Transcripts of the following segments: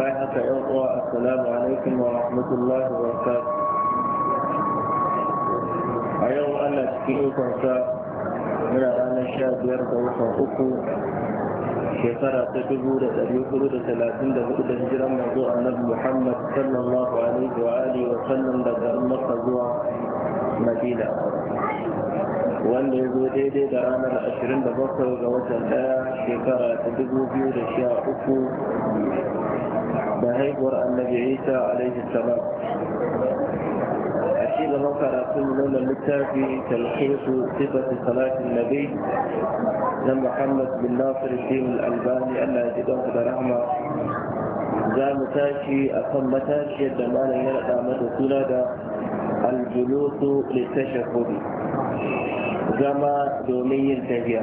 باحث عقوى السلام عليكم ورحمة الله وبركاته أيوة أنا تكيئي فرصة من أنا الشاب يرضى وفاقكم شيخنا تكبر تأليه كرود ثلاثين دفعود هجرة موضوع النبي محمد صلى الله عليه وآله وسلم لدى المقى زوع مدينة wanda ya zo daidai da ranar 27 ga watan 1 shekara ta 2003 نهيب ورأى النبي عيسى عليه السلام أشيد الله فعلا أقول لنا المتابي تلخيص صفة صلاة النبي لما محمد بن ناصر الدين الألباني ألا يجدون في الرحمة جاء متاشي أقام متاشي الدمان يرأى مدى سنة الجلوس للتشفد زما دومي ينتهي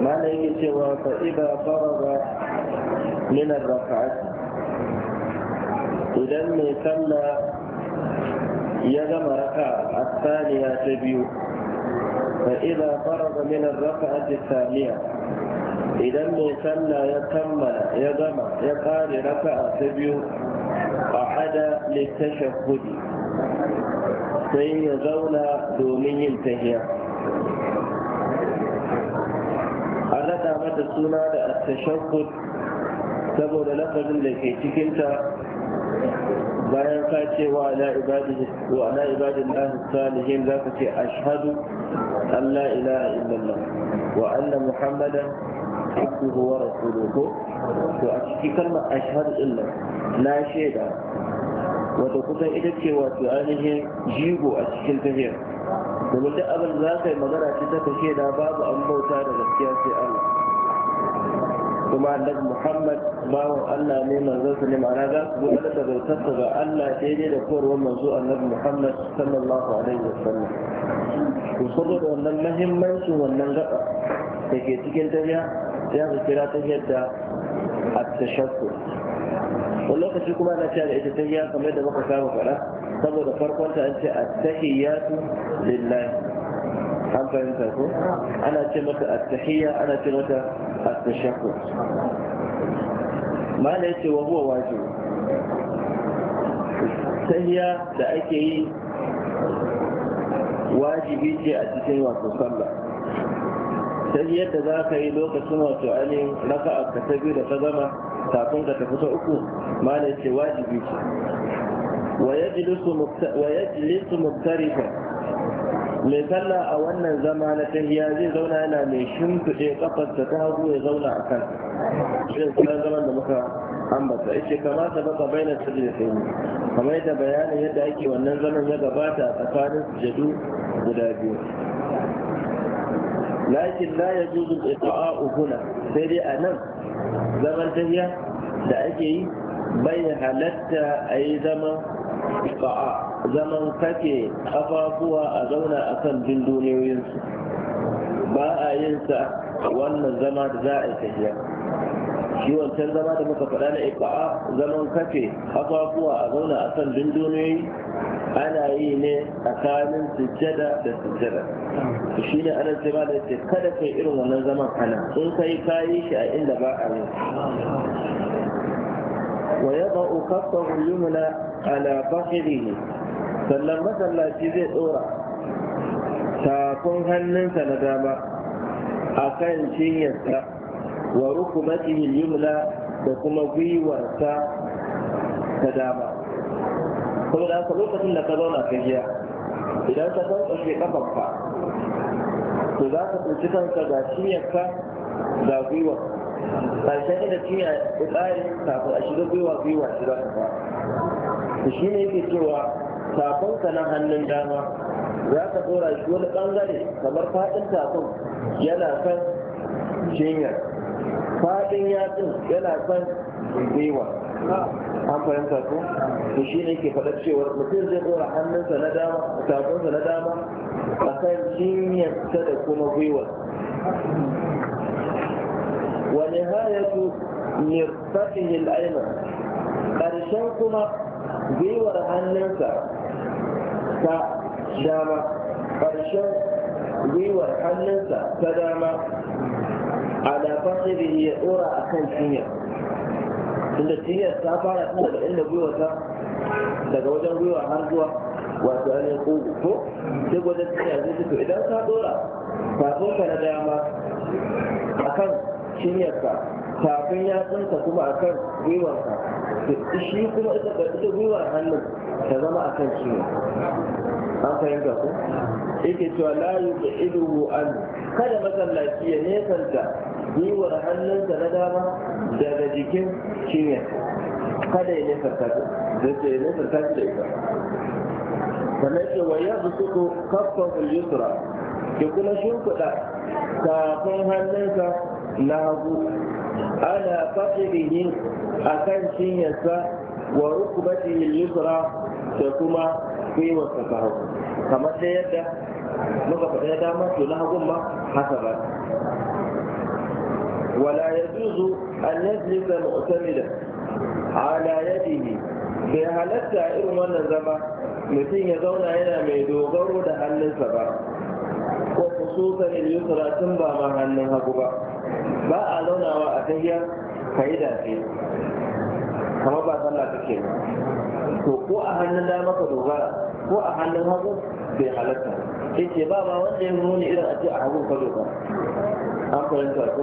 ما لا يجي سوى فإذا فرض من الركعة إذا ثم يدم ركعة الثانية تبيو فإذا فرغ من الركعة الثانية إذا سمى يكمل يدم يقال ركعة تبيو أحد للتشهد سيزول دومي انتهيه هذا rada mata التشهد saboda lafazin da ke cikinta bayan ka ce wa ala ibadin lahi salihin za ka ce ashhadu an la ilaha illallah wa anna muhammadan abduhu wa rasuluhu to a cikin kalmar ashhadu illah na shaida wata kusan ita ce wato ainihin jigo a cikin tafiyar domin duk abin za ka yi magana ce ta kashe babu an bauta da gaskiya sai Allah kuma annabi muhammad bawan allah ne manzansa ne ma'ana za su gudanar da bautarsa ga allah daidai da kowarwar manzo annabi muhammad sallallahu alaihi wa sallam to saboda wannan mahimmancin wannan gaba da ke cikin tafiya ya su kira ta yadda a tashakku wani lokaci kuma ana cewa da ita tafiya kamar da muka samu faɗa saboda farkonta an ce a tahiyyatu lillahi an fahimta ko ana ce mata attahiyya ana ce mata attashakku mala yace wa huwa wajib tahiyya da ake yi wajibi ce a cikin wato sallah tahiyyar da za ka yi lokacin wato ainihin raka'a ka ta biyu da ta zama kafin ka tafi ta uku mala yace wajibi ce wa yajlisu muktarifa mai sallah a wannan zama na tahiya zai zauna yana mai shimfiɗe kafarsa ta hagu ya zauna a kan irin sunan zaman da muka ambata ishe kama ta baka baina sirri da sai kamar yadda bayanin yadda ake wannan zaman ya gabata a tsakanin sujadu guda biyu lakin la yajuzu al-iqa'u huna sai dai a nan zaman tahiya da ake yi bai halatta a yi zaman iqa'a zaman kake kafafuwa a zauna a kan duniyoyinsu ba a yin sa wannan zama da za a yi tafiya shi wancan zama da muka faɗa na iba'a zaman kafe kafafuwa a zauna a kan duniyoyi ana yi ne tsakanin sujjada da sujjada shi ne ana ce da ce kada kai irin wannan zaman ana in kai kayi shi a inda ba a yi wa yaba'u kafa yumna ala bakhirihi sannan masallaci zai tsora. tafin hannunsa na dama a kan cinyarsa wa rukumatihi yumla da kuma gwiwarsa ta dama saboda haka lokacin da ka zauna ka giya idan ka tantsashe kafanka to za ka tsinci kanka ga cinyarka ga gwiwa ƙarshen inda cinya ya tsari kafin a shiga gwiwa gwiwa shi za ka ba to shi ne yake cewa tafinka na hannun dama za ka tsora shi wani ɓangare kamar faɗin tafin yana kan jinya faɗin yatsun yana kan gwiwa an fahimta ko to shi ne ke faɗa cewa mutum zai ɗora hannunsa na dama tafinsa na dama a kan jinyarsa da kuma gwiwar ونهاية مرفقه الأيمن ƙarshen kuma gwiwar hannunsa hannunsa dama ƙarshen gwiwar hannunsa ta dama a ala fasirihi ya tsora a kan cinya inda cinyar ta fara tana daga inda gwiwarsa daga wajen gwiwa har zuwa wato an yi kogo ko duk wajen cinya zai fito idan ka tsora ka na dama a kan cinyarka kafin yatsunka kuma a kan gwiwarka shi kuma ita gwiwar hannun ta zama a kan ciwo an fahimta ko yake cewa la yub'iduhu an kada masallaci ya nesanta gwiwar hannunsa na dama daga jikin cinya kada ya nesanta ta da ya nesanta ta da ita sannan ce wa ya busuku kaffaful yusra ki kuma shimfiɗa kafin hannunsa na hagu ana fasirihi a kan cinyarsa wa rukubatihi yusra da kuma gwiwarsa ta hagu kamar da yadda muka faɗa na dama to na hagun ma haka ba ولا يجوز أن يجلس معتمدا على يده bai halatta irin wannan zama mutum ya zauna yana mai dogaro da hannunsa ba ko kusurkan yusra tun ba ma hannun hagu ba ba a zaunawa a tahiyar ka yi dace kamar ba sallah take ba to ko a hannun dama maka dogara ko a hannun hagu bai halatta ce ba ba wanda ya nuna irin a ce a hagu ka dogara an fahimta ko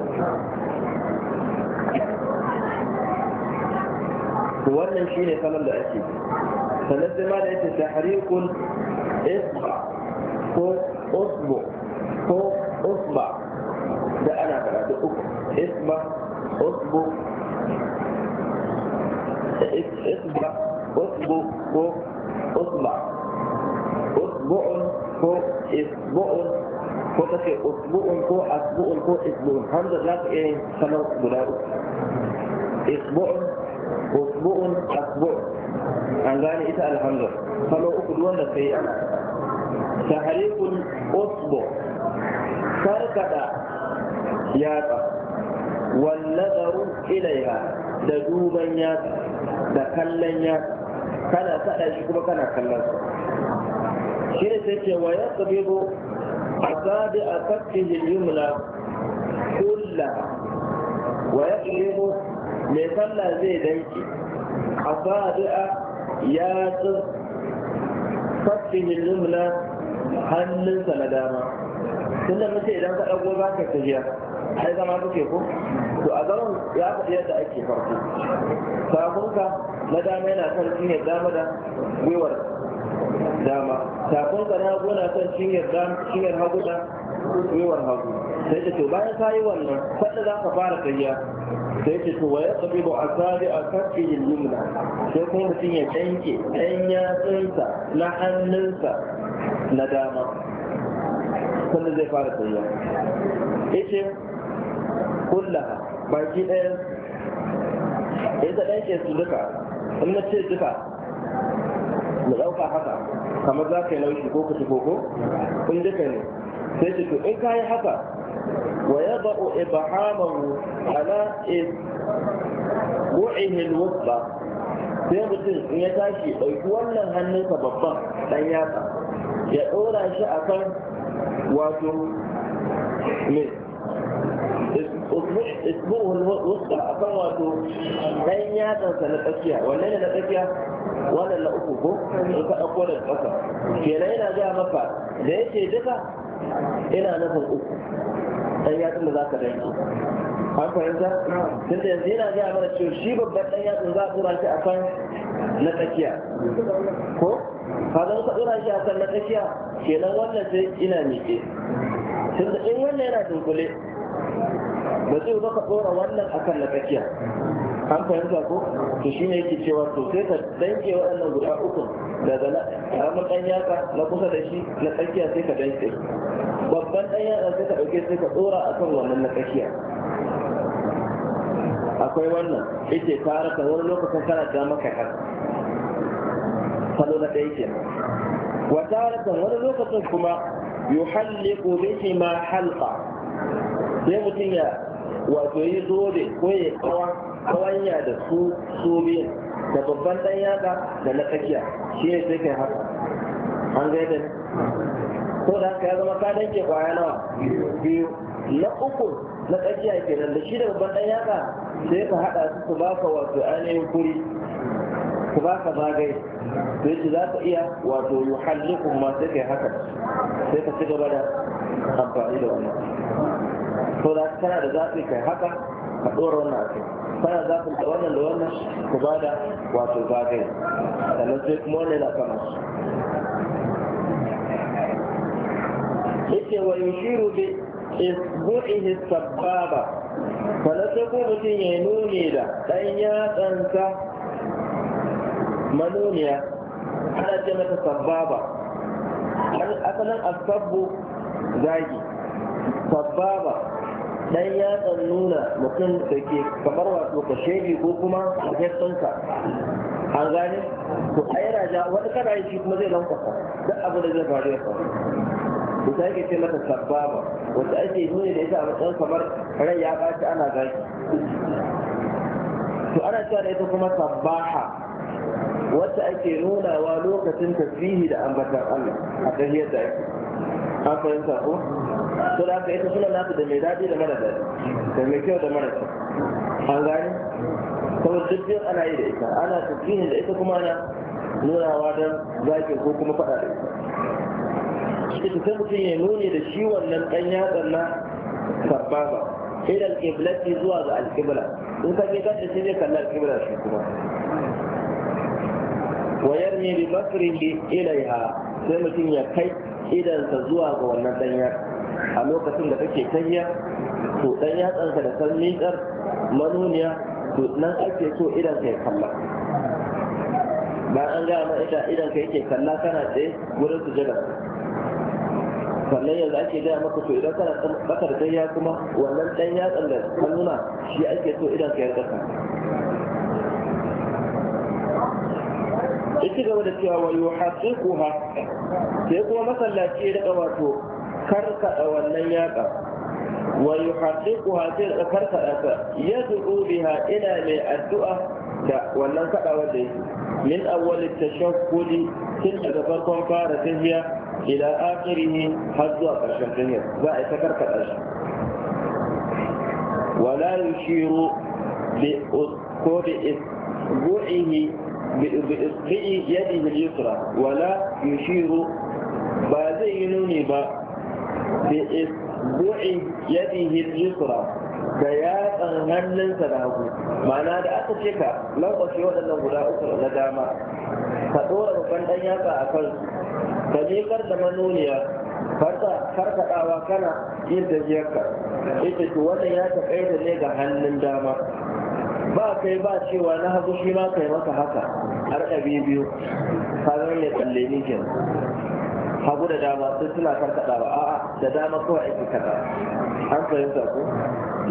wannan wannan ne salon da ake sanar sai ma da ta Harikun, isba ko Osmo, ko Osma da ana karatu uku isba Osmo. اصبع اصبع فوق اصبع اصبع اصبع ko ta ce usbu'un ko asbu'un ko isbu'un hamza za ka iya sanar guda uku isbu'un usbu'un asbu'un an gane ita alhamza uku usbu walladaru ilaiha da duban ya da kallon ya kana sada shi kuma kana kallon shi ne sai ce wa ya tsabibu asabi a kafin yumna kulla wa ya tsabibu mai sallah zai danki A asabi a ya kafin yumna hannunsa na dama tunda mace idan ka ɗago ba ka tafiya ai zama kuke ko to a zaman ya faɗi yadda ake farko takunka na dama yana kan cinyar dama da gwiwar dama takunka na hagu na kan cinyar hagu da gwiwar hagu sai ce to bayan ka yi wannan faɗi za ka fara kariya sai ce to waya tsabi ba a sari a kafin yumna sai kuma mutum ya ɗanke ɗan yatsunsa na hannunsa na dama sannan zai fara kariya ya ce. kullaha baki ɗaya yadda ɗan ke su duka in na ce duka mu ɗauka haka kamar za ka yi laushi ko ku shigo ko in duka ne sai ce to in ka yi haka wa ya ba'u ibahamahu ala bu'ihi alwusba sai mutum in ya tashi ɗauki wannan hannunsa babban ɗan yatsa ya ɗora shi akan wato mai isbu'ul wusta akan wato dan yatsansa na tsakiya wanne ne na tsakiya wannan na uku ko in ka dauko da ƙasa kenan yana ga maka da yake duka ina nufin uku ɗan yatsun da zaka danki an fahimta tun da yanzu yana gaya mana cewa shi babban ɗan yatsun za a tura shi a kan na tsakiya ko kaga ka tura shi a kan na tsakiya kenan wannan sai ina miƙe tun da in wannan yana dunkule ba zai ba ka ɗora wannan akan na tsakiya an fahimta ko to shi ne yake cewa to sai ka danke waɗannan guda uku daga na ƙaramin ɗan yatsa na kusa da shi na tsakiya sai ka danke babban ɗan yatsa sai ka ɗauke sai ka ɗora akan wannan na tsakiya akwai wannan ita ta harka wani lokacin kana da maka kan salo na ɗaya ke wata harka wani lokacin kuma yuhalliku bihi ma halqa sai mutum ya wato yi zobe ko ya kawanya da su zobe da babban dan yaka da na tsakiya shi ne sai kai haka an ga yadda ko da haka ya zama ka danke kwaya nawa biyu na uku na tsakiya kenan da shi da babban dan yaka sai ka haɗa su su baka wato ainihin kuri ku baka bagai to yace za ka iya wato yuhallikum ma sai kai haka sai ka ci gaba da amfani da wannan ko da kana da zafi kai haka ka ɗora wannan a kai kana zaɓin da wannan da wannan ku ba da wato zagaye sannan sai kuma wannan yana kama su yake wa yushiru bi isbu'ihi sababa sannan sai ko mutum ya nuni da ɗan yatsansa manuniya ana ce mata sababa asalin asabbu zagi sababa dan kan nuna mutum da ke kamar wato kashegi ko kuma hajjatsansa an gane to ai raja wani kana yi shi kuma zai lankwasa duk abu da zai faru ya faru ita ake ce mata sababa wacce ake nuni da ita a matsayin kamar rai ya ɓaci ana gaki. to ana cewa da ita kuma sabaha wacce ake nunawa lokacin tasbihi da ambatar Allah a tahiyar da ake an fahimta ko to da haka ita suna nasu da mai daɗi da mara daɗi da mai kyau da mara kyau an gani kuma duk biyar ana yi da ita ana tafiyin da ita kuma ana nunawa don zaƙi ko kuma faɗa da ita ita sai mutum ya nuni da shi wannan ɗan yatsan na karɓa ba da alƙiblati zuwa ga alƙibla in ka ke kan shi zai kalli alƙibla shi kuma wayar ne bi bi ilaiha sai mutum ya kai idansa zuwa ga wannan ɗan a lokacin da kake tahiya to dan yatsanka da san miƙar manuniya to nan ake so idan ka ya kalla Ba an gaya ma ita idan ka yake kalla kana tsaye wurin jira sannan yanzu ake gaya maka to idan kana tsakar ya kuma wannan dan yatsan da hannuna shi ake so idan ka ya kalla ya gaba da cewa wa yuhaqiquha sai kuma masallaci ya daga wato karkada wannan yaka wa yuhaqqiquha sai karkada ta yad'u biha ila mai addu'a da wannan kadawar da yake min awwal at-tashakkuli tun daga farkon fara tahiya ila akhirih har zuwa karshen tahiya za a ta karkada shi wala yushiru bi ko bi isbu'ihi بإصبع يده اليسرى ولا يشير ba zai yi nuni ba bi isbu'i yadihi al-yusra da yatsan hannunsa da hagu ma'ana da aka ce ka lankwashe waɗannan guda uku na dama ka ɗora babban ɗan yatsa a kan ka miƙar da manoniya farka farkaɗawa kana yin tafiyarka ita ce wannan ya taƙaita ne ga hannun dama ba kai ba cewa na hagu shi ma kai maka haka har ɗabi biyu ka ya tsalle ni kenan hagu da dama sai suna ba, a'a da dama kawai yake kada an fahimta ko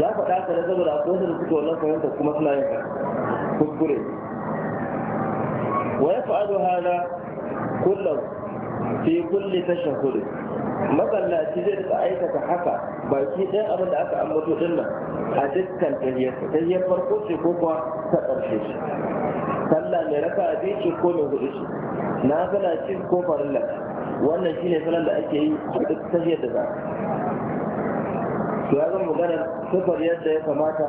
ya faɗa ka da saboda akwai wasu suke wannan fahimta kuma suna yin kuskure wa yaf'alu hada kullum fi kulli tashahhud masallaci zai rika aikata haka baki ɗaya abin da aka ambato din nan a dukkan tahiyyarsa tahiyyar farko ce ko kuwa ta ƙarshe shi sallah mai raka a biyu ce ko mai hudu shi. na gana cikin ko farilla wannan shine salon da ake yi a duk tafiyar da za Su ya zama maganar sufar yadda ya kamata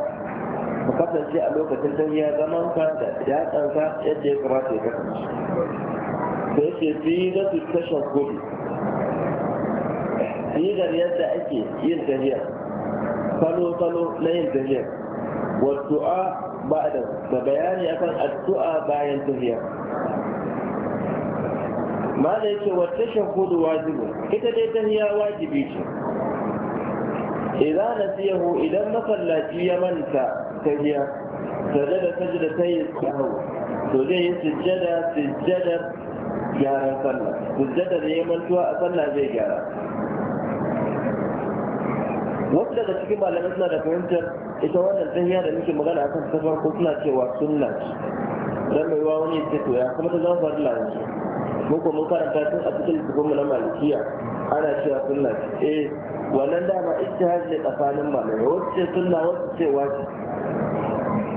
ka kasance a lokacin tafiya zama ka da ya yatsanka yadda ya kamata ya kasance to fi sigar su tashar gudu da yadda ake yin tafiya salo-salo na yin tafiya wasu a ba da bayani akan addu'a bayan tafiya ma da yake wata shahudu wajibu ita dai tahiya wajibi ce idan nasiyahu idan masallaci ya manta tahiya sajada sajada ta yi sahu to zai yi sujjada sujjadar gyaran sallah sujjada da ya mantuwa a sallah zai gyara wasu daga cikin malamai suna da fahimtar ita wannan tahiya da muke magana akan ta farko suna cewa sunna ce dan mai wani ya ce to ya kuma ta zama farilla yanzu muku mun karanta tun a cikin littafin mu na malikiya ana cewa sunna eh wannan dama ijtihad ne tsakanin malamai wacce sunna wacce ce waje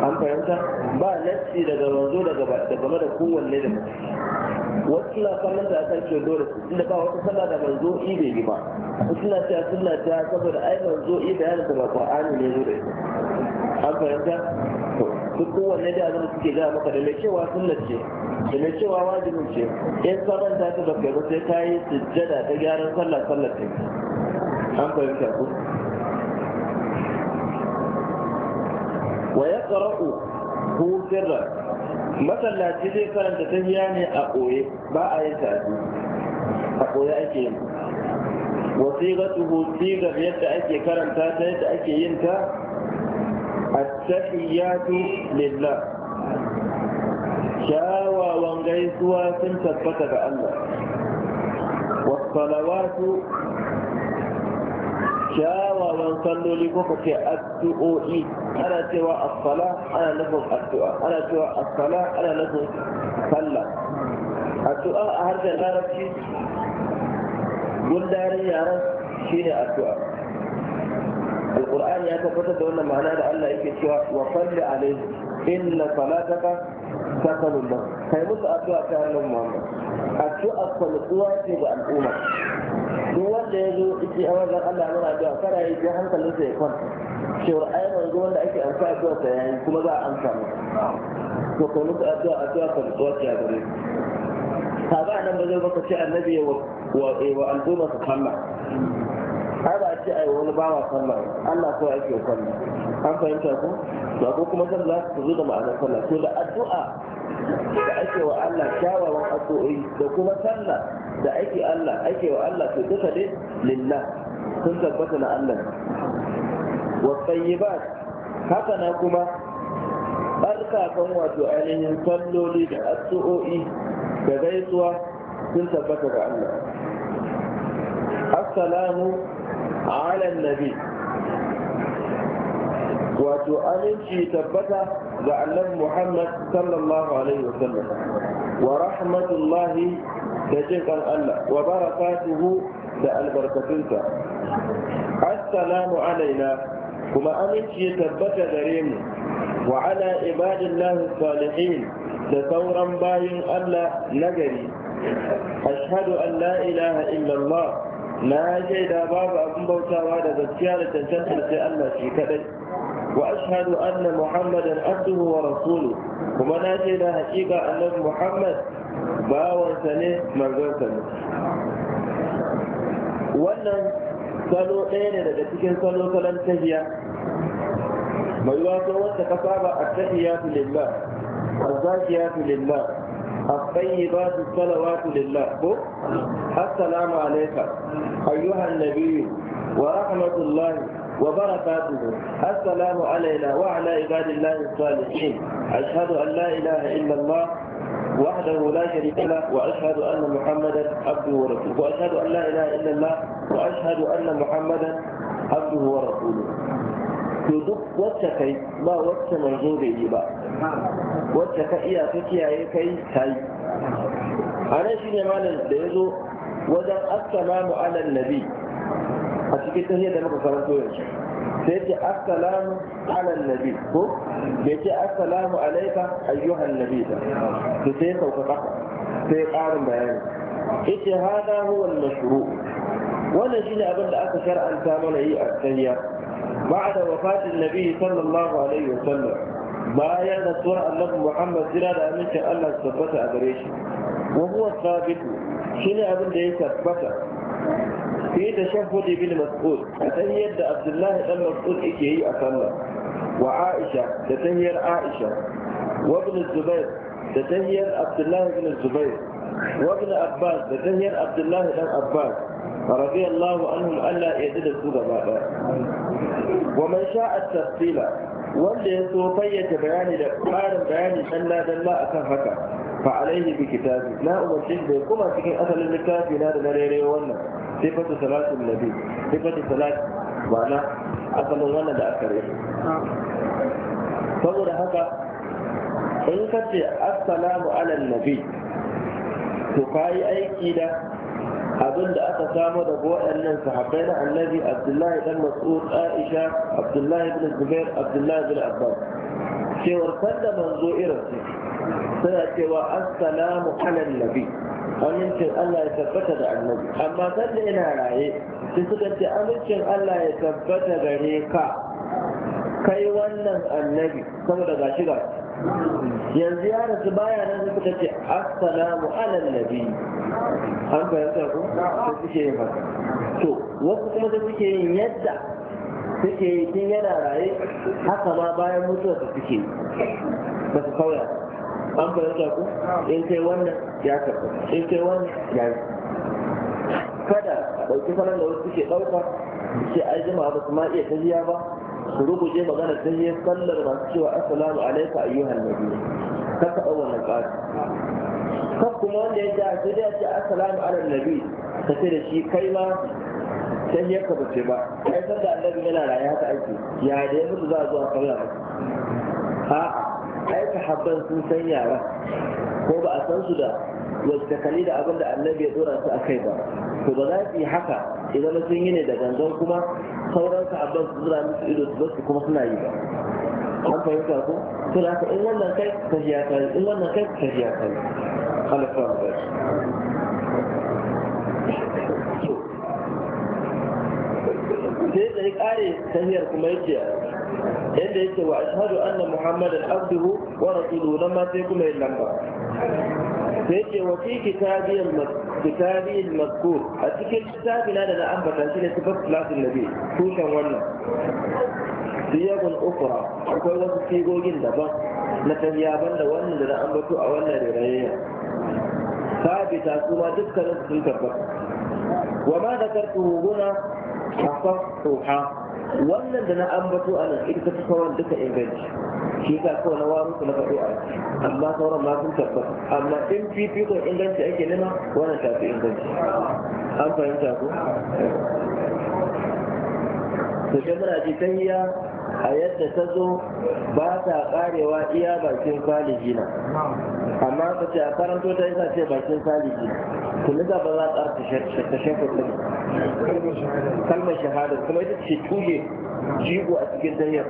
an fahimta ba nassi daga manzo daga da game da kowanne da mutum wasu suna kallon da aka ce dole su inda ba wata sallah da manzo i bai yi ba wasu na cewa sunna ta saboda ai manzo i bayanin da ba qur'ani ne zo da ita an fahimta duk kowanne da azumi suke gaya maka da mai cewa sunna ce da mai cewa wajibi ce in sabon ta ta baka ba sai ta yi sujjada ta gyaran sallah sallah ta an fahimta ku wa ya tsara'u hu sirra masallaci zai karanta ta hiya ne a ɓoye ba a yi ta a ɓoye ake yin wasiqatuhu sigar yadda ake karanta ta yadda ake yin ta at-tahiyatu lillah shawa gaisuwa sun tabbata ga Allah wasu kyawawan salloli ko kace addu'o'i ana cewa as-sala ana nufin addu'a ana cewa as-sala ana nufin sallah addu'a a harshen larabci gundarin yaran shine addu'a alquran ya tabbatar da wannan ma'ana da Allah yake cewa wa salli alaihi inna salataka sakalullah kai musu addu'a ta ranar muhammad addu'a kwamitsuwa ce ga al'umma duk wanda ya zo iki a wajen allah muna addu'a kana yi hankalin hankalinsa ya kwanta cewar ai manzo wanda ake amsa addu'a sa yayi kuma za a amsa masa to kai musu addu'a addu'a kwamitsuwa ce a gare ka ba nan ba zai baka ce annabi ya wa al'umma su kalla har ba a ce ai wani bawa sallah Allah ko ake sallah an fahimta ko ba ko kuma sallah su zo da ma'anar sallah to da addu'a da ake wa Allah kyawawan addu'o'i da kuma sallah da ake Allah ake wa Allah to duka dai lillah sun tabbata na Allah wa tayyibat haka na kuma barkakan wato ainihin salloli da addu'o'i da gaisuwa sun tabbata ga Allah assalamu ala nabi wato aminci tabbata ga annabi Muhammad sallallahu alaihi wasallam wa rahmatullahi da jin kan Allah wa barakatuhu da albarkatunsa assalamu alaina kuma aminci ya tabbata gare mu wa ala ibadillahi salihin da sauran bayin Allah nagari ashhadu an la ilaha illallah na shaida babu abin bautawa da gaskiya da tantance sai Allah shi kadai وأشهد أن محمدا عبده ورسوله وما ناتي إلى حقيقة أن محمد إيه ما سنه ما سنه wannan salo ɗaya ne daga cikin salo salon tahiya mai wato wanda ka saba a tahiya tu lillah tu lillah الطيبات الصلوات لله السلام عليك أيها النبي ورحمة الله وبركاته السلام علينا وعلى عباد الله الصالحين أشهد أن لا إله إلا الله وحده لا شريك له وأشهد أن محمدا عبده ورسوله وأشهد أن لا إله إلا الله وأشهد أن محمدا عبده ورسوله to duk wacce kai ba wacce manzo bai yi ba wacce ka iya ka kiyaye kai ta yi a nan shi ne malam da ya zo wajen assalamu alal nabi cikin tahiyar da muka karanto yanzu sai ce assalamu ala nabi ko bai ce assalamu alaika ayyuhan nabi ba to sai sauka kasa sai ƙarin bayani ita hada huwa mashru wannan shine abin da aka shar'anta mana yi a tahiyya ba'da wafatin nabi sallallahu alaihi wasallam bayan tsoron annabi muhammad jira da amincin allah su tabbata a gare shi wa huwa sabitu shine abin da ya tabbata ku fi tashahhud bil mas'ud san yadda abdullahi dan mas'ud yake yi a sallah wa aisha da tahiyar aisha wa ibn zubair da tahiyar abdullahi ibn zubair wa ibn abbas da tahiyar abdullahi dan abbas radiyallahu anhum alla yadda su gaba daya wa man sha'a tafsila wanda ya so fayyace bayani da ƙarin bayani dalla dalla akan haka فعليه بكتابه لا أمشيه بكما تكين أثر الكتاب لا دلالي وانا صفة صلاة النبي صفة صلاة معنى أثر وانا دا أكره فقول هكا إن كنت السلام على النبي تقاي أي كده abin da aka samo daga waɗannan sahabbai na annabi abdullahi dan mas'ud aisha abdullahi Ibn zubair abdullahi bin abbas cewar sanda manzo irin ce wa assalamu alal nabi amincin Allah ya tabbata da annabi amma sanda yana raye sai suka ce amincin Allah ya tabbata gare ka kai wannan annabi saboda ga shiga yanzu ya rasu baya nan sai suka ce assalamu alal nabi an fahimta ko sai suke yin haka to wasu kuma da suke yin yadda suke yi tun yana raye haka ma bayan mutuwa suke ba su kauya an fahimta ku in kai wannan ya karɓa in kai wannan ya yi kada ɗauki falon da wasu suke ɗauka sai ai jama'a ba su ma iya tafiya ba su rubuce magana ta yi sallar masu cewa assalamu alaikum ayyuhan nabi ka taɓa wannan ƙasa kan kuma wanda ya ja sai ya ce assalamu ala nabi ka ce da shi kai ma sai ya ka bace ba ai san da annabi yana raye haka aiki. ya da ya mutu za a zo a sallar a'a ai sahabban sun san yara ko ba a san su da wacce da abin da annabi ya dora su a kai ba to ba za su yi haka idan sun yi ne da gangan kuma sauran sahabban su zura musu ido su basu kuma suna yi ba an fahimta ko to da haka in wannan kai ka ji kare in wannan kai ka ji kare Allah ya ba shi. sai da ya kare tahiyar kuma yake yadda yake wa ashhadu anna muhammadan abduhu wa rasuluhu nan ma sai kuma yin lamba sai ce wa fi kitabiyal kitabiyal mazkur a cikin kitabina da na ambata shi ne sifat da nabi tushen wannan siyagun ukra akwai wasu sigogin daban na tafiyaban da wannan da na ambato a wannan rayayya sabita kuma dukkanin sun tabbata wa ma da kartu huna asaffuha wannan da na ambato a nan ita ta sauran duka inganci shi ka so na waru na faɗi a amma sauran ma sun tabbata amma in fifikon inganci ake nema wannan fi inganci an fahimta ko to ke muna ji hiya a yadda ta zo ba ta karewa iya bakin kwalijina amma ka ce a karanto ta yasa ce bakin saliki kuma za ba za a tsara ta shafa ta kalmar shahada kuma ita ce tuge jigo a cikin tahiyar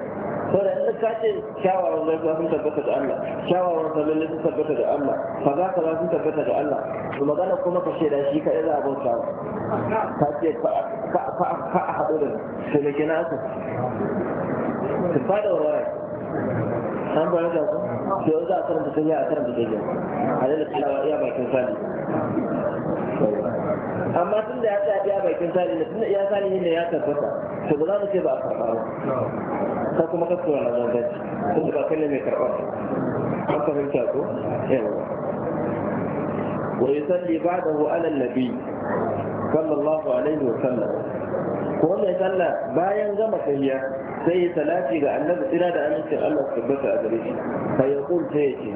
da in ka ce kyawawan gaisuwa sun tabbata da Allah kyawawan sallolin sun tabbata da Allah kaza kaza sun tabbata da Allah to magana kuma ka shaida shi kaɗai za a bauta ka ce ka a haɗu da to me kenan aka ta fada wa an bari da ku to yau za a karanta sun a karanta daidai a daidai kalawa iya bakin sani amma tun da ya tsaya iya bakin sani ne tun da iya sani ne ya tabbata to ba za mu ce ba a karɓa ba ta kuma kasuwa na zanzanci tun da ba kai ne mai karɓar an fahimta ko yawa wa yusalli ba'dahu ala nabi sallallahu alaihi wa sallam ko wannan sallah bayan gama tahiyya sai ya salati ga annabi tsira da amincin Allah su tabbata a gare shi fa yaqul sai ya ce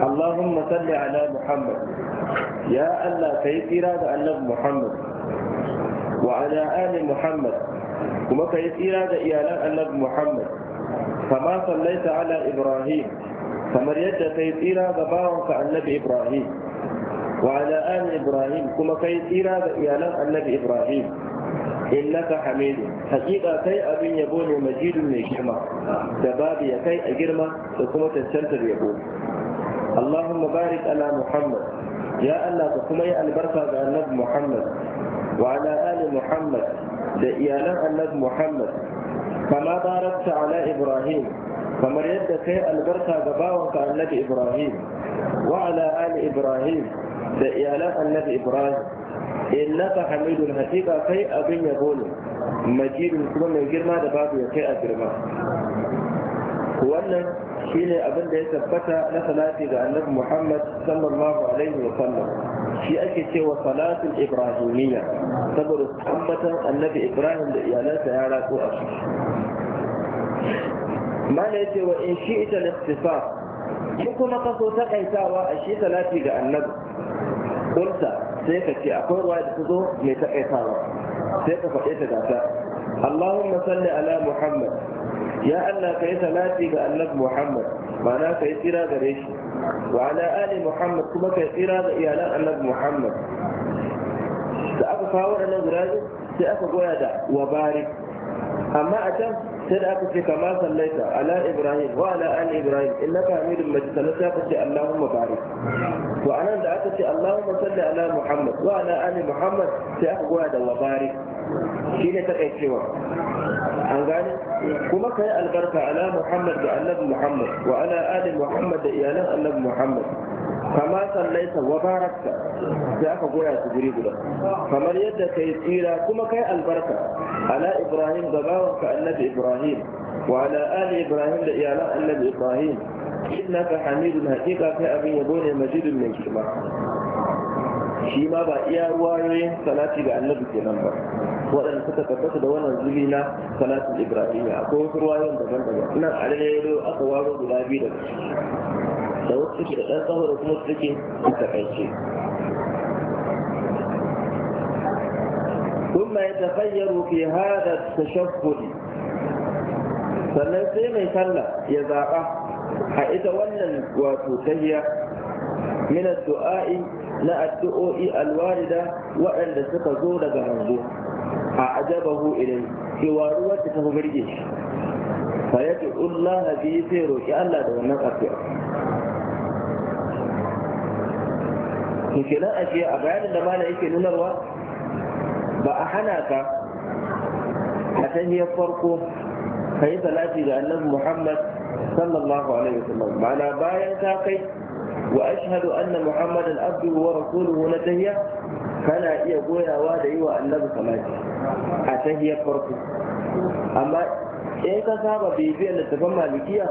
Allahumma salli ala Muhammad ya Allah kai tsira ga annabi Muhammad wa ala ali Muhammad kuma kai tsira ga iyalan annabi Muhammad kama sallaita ala Ibrahim kamar yadda kai tsira ga bawanka annabi Ibrahim wa ala ali Ibrahim kuma kai tsira ga iyalan annabi Ibrahim إنك حميد حقيقة كي أبين يبون مجيد من الجرمة girma يكي أجرمة ya kai a اللهم بارك على محمد يا الله كما يا البركة على النبي محمد وعلى آل محمد لإيالان النبي محمد كما باركت على إبراهيم كما يد كي البركة بباوك على النبي إبراهيم وعلى آل إبراهيم لإيالان النبي إبراهيم innaka hamidul hakika kai abin yabo ne majidun kuma mai girma da babu ya kai a girma wannan shine abin da ya tabbata na salati ga annabi Muhammad sallallahu alaihi wa sallam shi ake cewa salatul ibrahimiyya saboda tabbatan annabi Ibrahim da iyalansa ya ratso a shi mana wa in shi ita listifaf in kuma kaso takaitawa a shi salati ga annabi kulta sai ka ce akwai ruwa da ta zo mai takaitawa sai ka faɗe ta gata Allahumma salli ala Muhammad ya Allah ka yi salati ga annabi Muhammad ma'ana ka yi tsira gare shi wa ala ali Muhammad kuma ka yi tsira ga iyalan annabi Muhammad da aka kawo waɗannan guda sai aka goya da wa barik amma a can sai da aka ce kama sallaita ala ibrahim wa ala ali ibrahim innaka hamidun majid sannan sai aka ce allahumma barik to anan da aka ce allahumma salli ala muhammad wa ala ali muhammad sai aka goya da wa barik shine ta kai cewa an gane kuma kai albarka ala muhammad da annabi muhammad wa ala ali muhammad da iyalan annabi muhammad kama sallaita wa barakta sai aka goya su guri guda kamar yadda kai tsira kuma kai albarka ala ibrahim da bawanka annabi ibrahim wa ala ali ibrahim da iyalan annabi ibrahim innaka hamidun hakika kai abin yabo ne majidun mai girma shi ma ba iya ruwayoyin salati ga annabi kenan ba waɗanda suka tabbata da wannan zubi na salatin ibrahim akwai wasu ruwayoyin daban-daban nan a aka waro guda biyu daga da wasu suke da ɗan tsawo da kuma suke a takaice ثم rufe hada ta التشهد sannan sai mai talla ya zaɓa a ita wannan wato tahiya min addu'a'i na addu'o'i alwalida waɗanda suka zo daga hanzu. a ajabahu idan cewa ruwa ta tafi birge shi fa yad'u Allah bi sai roƙi Allah da wannan addu'a to kenan a a bayanin da mana yake nunarwa ba a hana ka a tahiyar farko ka yi salati ga annabi muhammad sallallahu alaihi wasallam ma'ana bayan ka kai wa ashhadu anna muhammadan abduhu wa rasuluhu na tahiya kana iya goyawa da yi wa annabi salati a tahiyar farko amma in ka saba bibiyar littafin malikiya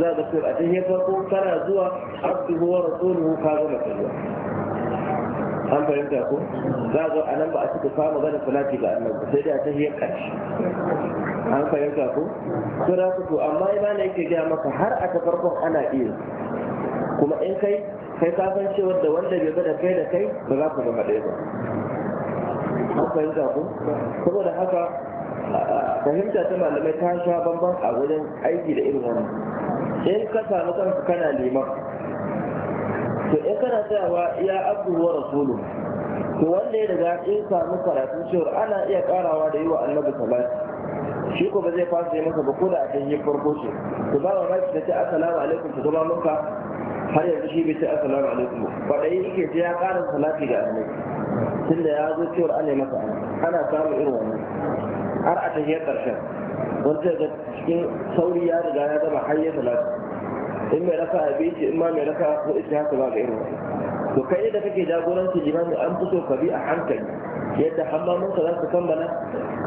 za ka so a tahiyar farko kana zuwa abduhu wa rasuluhu ka gama tahiya an fahimta ko za zo a nan ba a cika kama gana salati ga annabi sai dai a tahiyar ƙarshe an fahimta ko to da ku to amma ne yake gaya maka har a ta farkon ana iya kuma in kai kai ka san cewa da wanda bai ga da kai da kai ba za ku zama ɗaya ba an fahimta ko saboda haka fahimta ta malamai ta sha bambam a wajen aiki da irin wannan in ka samu kanka kana liman to in kana tsayawa ya abdu wa rasulu to wanda ya daga in samu karatu cewa ana iya karawa da yi wa annabi salati shi ko ba zai fasa yi masa ba ko da a can yi farko shi to ba wa mace ta ce assalamu alaikum ta zama maka har yanzu shi bai ce assalamu alaikum ba dai yake ce ya karin salati ga annabi tunda ya zo cewa ana maka ana samun irin wannan har a yi karshen wanda ga cikin sauri ya riga ya zama har ya salati in mai raka a biyu in ma mai raka ko ita haka ba ga irin wani to kai da kake jagoranci limami an fito ka bi a hankali yadda hammamunka za su kammala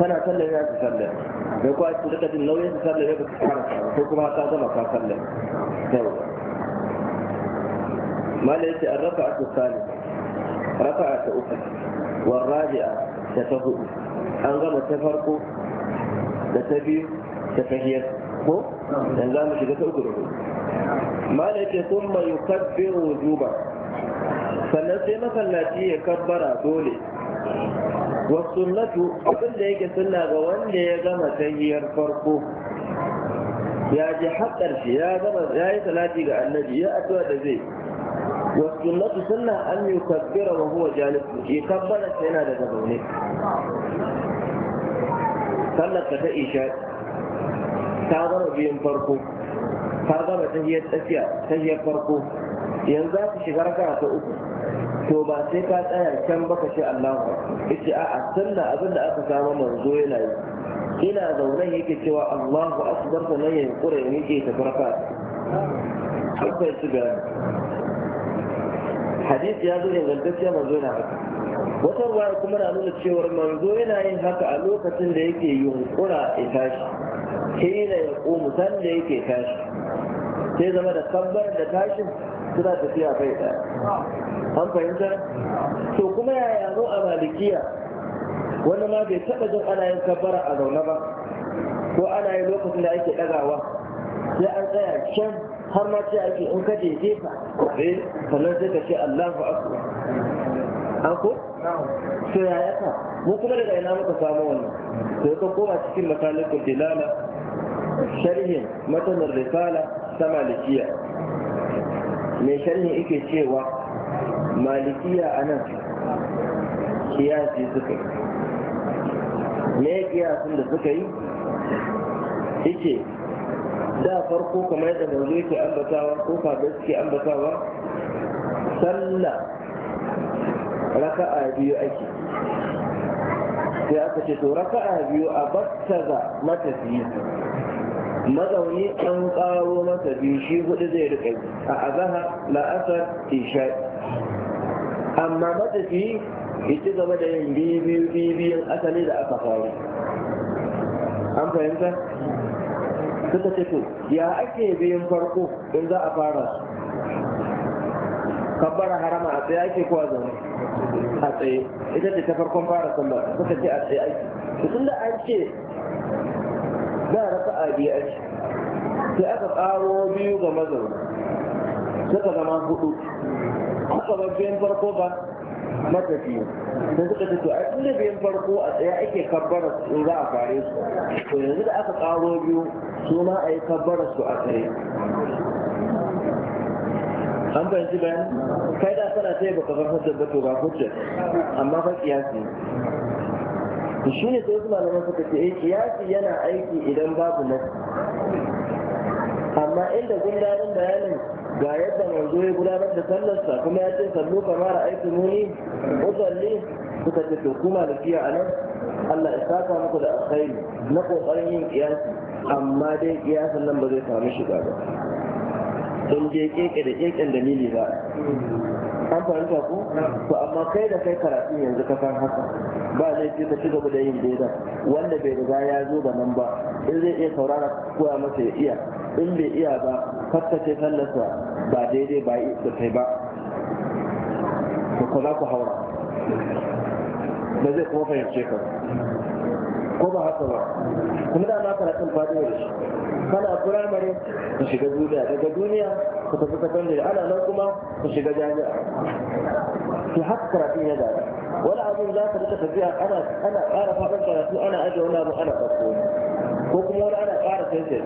kana sallar ya su sallar da kuwa su daga jin nauyin su sallar ya ba su fara ko kuma haka zama ka sallar yau mala yace an raka a sali raka a ta uku warraji'a da ta hudu an gama ta farko da ta biyu da ta hiyar ko dan za mu shiga ta uku da hudu yake yukabbiru wujuba sannan sai masallaci ya kabbara dole wasunnatu abin da yake sunna ga wanda ya gama tahiyar farko ya ji haƙar shi ya gama ya yi salati ga annabi ya addu'a da zai wasunnatu sunna an yukabbira wa huwa jalib ya kabbara sai yana daga zaune sallar ta isha Ta gama biyun farko Ta gama tahiyar tsakiya tahiyar farko yanzu za ka shiga raka ta uku to ba sai ka tsaya can ba ka ce Allahu yace a a sanna abin da aka samu manzo yana yi ina zaune yake cewa Allahu akbar nan ya kure ya miƙe ta farka akwai shi ga hadith ya zo ingantacciya manzo yana haka wata ruwa kuma na nuna cewar manzo yana yin haka a lokacin da yake yunkura ya tashi hina ya ƙomu san da yake tashi sai zama da tabbar da tashin suna tafiya bai ɗaya an fahimta to kuma yaya yazo a malikiya wani ma bai taɓa jin ana yin tabbara a zaune ba ko ana yin lokacin da ake ɗagawa sai an tsaya can har ma ce ake in ka je jefa. eh sannan sai ka ce Allahu akbar an ko to ya yaka mu kuma daga ina muka samu wannan Sai ka koma cikin masalikul dilala sharhin matanar risala ta malikiya mai sharhin ike cewa malikiya a nan kiyasi suka yi me kiyasin da suka yi ike da farko kamar yadda manzo yake ambatawa ko fadar suke ambatawa sallah raka'a biyu ake sai aka ce to raka'a biyu a battaza matafiyi مدوني أن قاومة بيشي قد زي رقب أعبها لا أثر تيشي أما مدتي إتدى مدين بيبي بيبي الأثر إذا أفقاري أم فهمت؟ كنت تقول يا أكي بيين فرقو إن ذا أفارا كبر حرام أتي أكي كوازن أتي إذا تتفرقون فارا سنبا كنت تقول أتي أكي كنت تقول أنشي da raka'a biyu ake sai aka karo biyu ga mazauna suka zama hudu aka bar biyan farko ba matafiya da suka ce to a tunda biyan farko a tsaye ake kabbara in za a fare su to yanzu da aka karo biyu su ma a yi kabbara su a tsaye an fahimci bayan kai da sana sai baka zafar da ba to ba hujjar amma fa kiyasi to shi ne sai malaman suka ce eh, kiyasi yana aiki idan babu nasi amma inda gundarin bayanin ga yadda manzo ya gudanar da sa kuma ya ce sallu kamar aiki muni usalli suka ce to kuma lafiya a nan Allah ya saka muku da alkhairi na kokarin yin kiyasi amma dai kiyasin nan ba zai samu shiga ba in je keke da keken dalili ba an fahimta ku? to amma kai da kai karatun yanzu ka san haka ba zai laifi ka ci gaba da yin daidai wanda bai riga ya zo da nan ba in zai iya saurara koya masa ya iya in bai iya ba ce sallarsa ba daidai ba da kai ba za ku haura ba zai kuma fahimce ka ko ba haka ba kuma da ma karatun faɗo da shi kana firamare ka shiga duniya daga duniya ka tafi sakandare ana nan kuma ka shiga jami'a to haka karatun ya zaɓa wani abin za ka rika tafiya ana ana ƙara faɗin karatu ana ajiye wani abu ana ɗauko ko kuma wani ana ƙara sai sai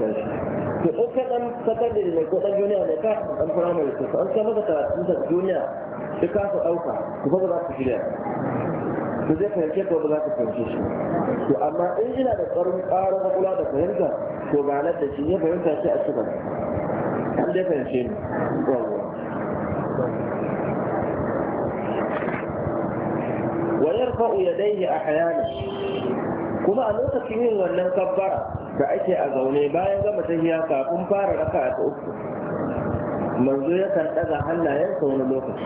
shi to in ka ɗan sakandare ne ko ɗan duniya ne ka ɗan firamare to an san maka karatu da duniya duk ka ɗauka to ba za ka shirya ba zai fahimce ka ba za ka fahimce shi to amma in ina da tsarin ƙarar kula da fahimta to ba da shi ya fahimta shi a cikin an dai fahimce ni wa yarfa a ahyana kuma a lokacin yin wannan kabbara da ake a zaune bayan gama tahiya kafin fara raka'a ta uku manzo ya yakan daga hannayensa wani lokaci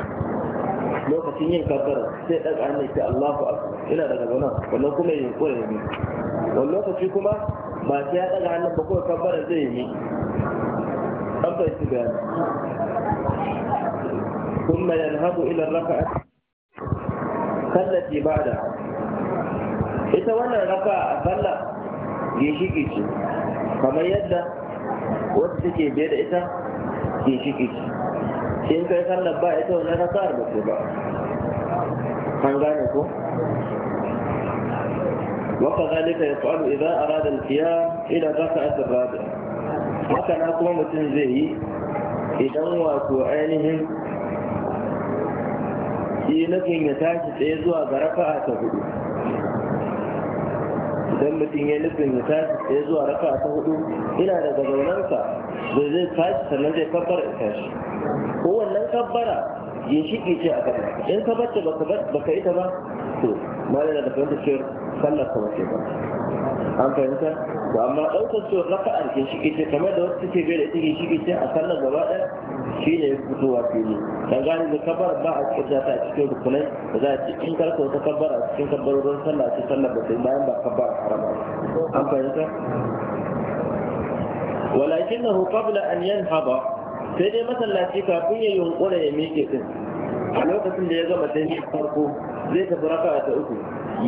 lokacin yin kabbara sai daga hannun sai Allahu akbar ina daga zauna wannan kuma yin kore ne wani lokaci kuma ba sai ya daga hannun ba kawai kabbara zai yi an bai su bayani ثم يذهب إلى الركعة ba da. ita wannan raka a sallah ginshiki ce kamar yadda wasu suke biye da ita ke ciki shi kai sallar ba ita wani na sa'ar da ke ba an gane ko waka zalika ya tsoro idan a radar fiya ila za ka asar radar haka na kuma mutum zai yi idan wato ainihin shi nufin ya tashi tsaye zuwa garafa rafa ta hudu dan mutum ya nufin ya tashi ya zuwa raka ta hudu ina daga sa zai zai tashi sannan zai kabbara ya tashi ko wannan kabbara ya shige ce a kafa in ka bacce baka ita ba to malama da fahimtar cewar sallar ka bace ba an fahimta to amma ɗaukar cewa raka'ar ke shi ce kamar da wasu suke bai da tsiri shi ce a sallar gaba ɗaya shi ne ya fitowa fili kan gani da kabar ba a cikin ta a cikin rukunai da za a ci in karka wata kabar a cikin kabarorin sallah ce sallar da sai bayan ba kabar harama an fahimta ولكنه قبل أن ينهض sai dai masallaci kafin ya yi hunkura ya miƙe ɗin a lokacin da ya gama tashi farko zai tafi raka ta uku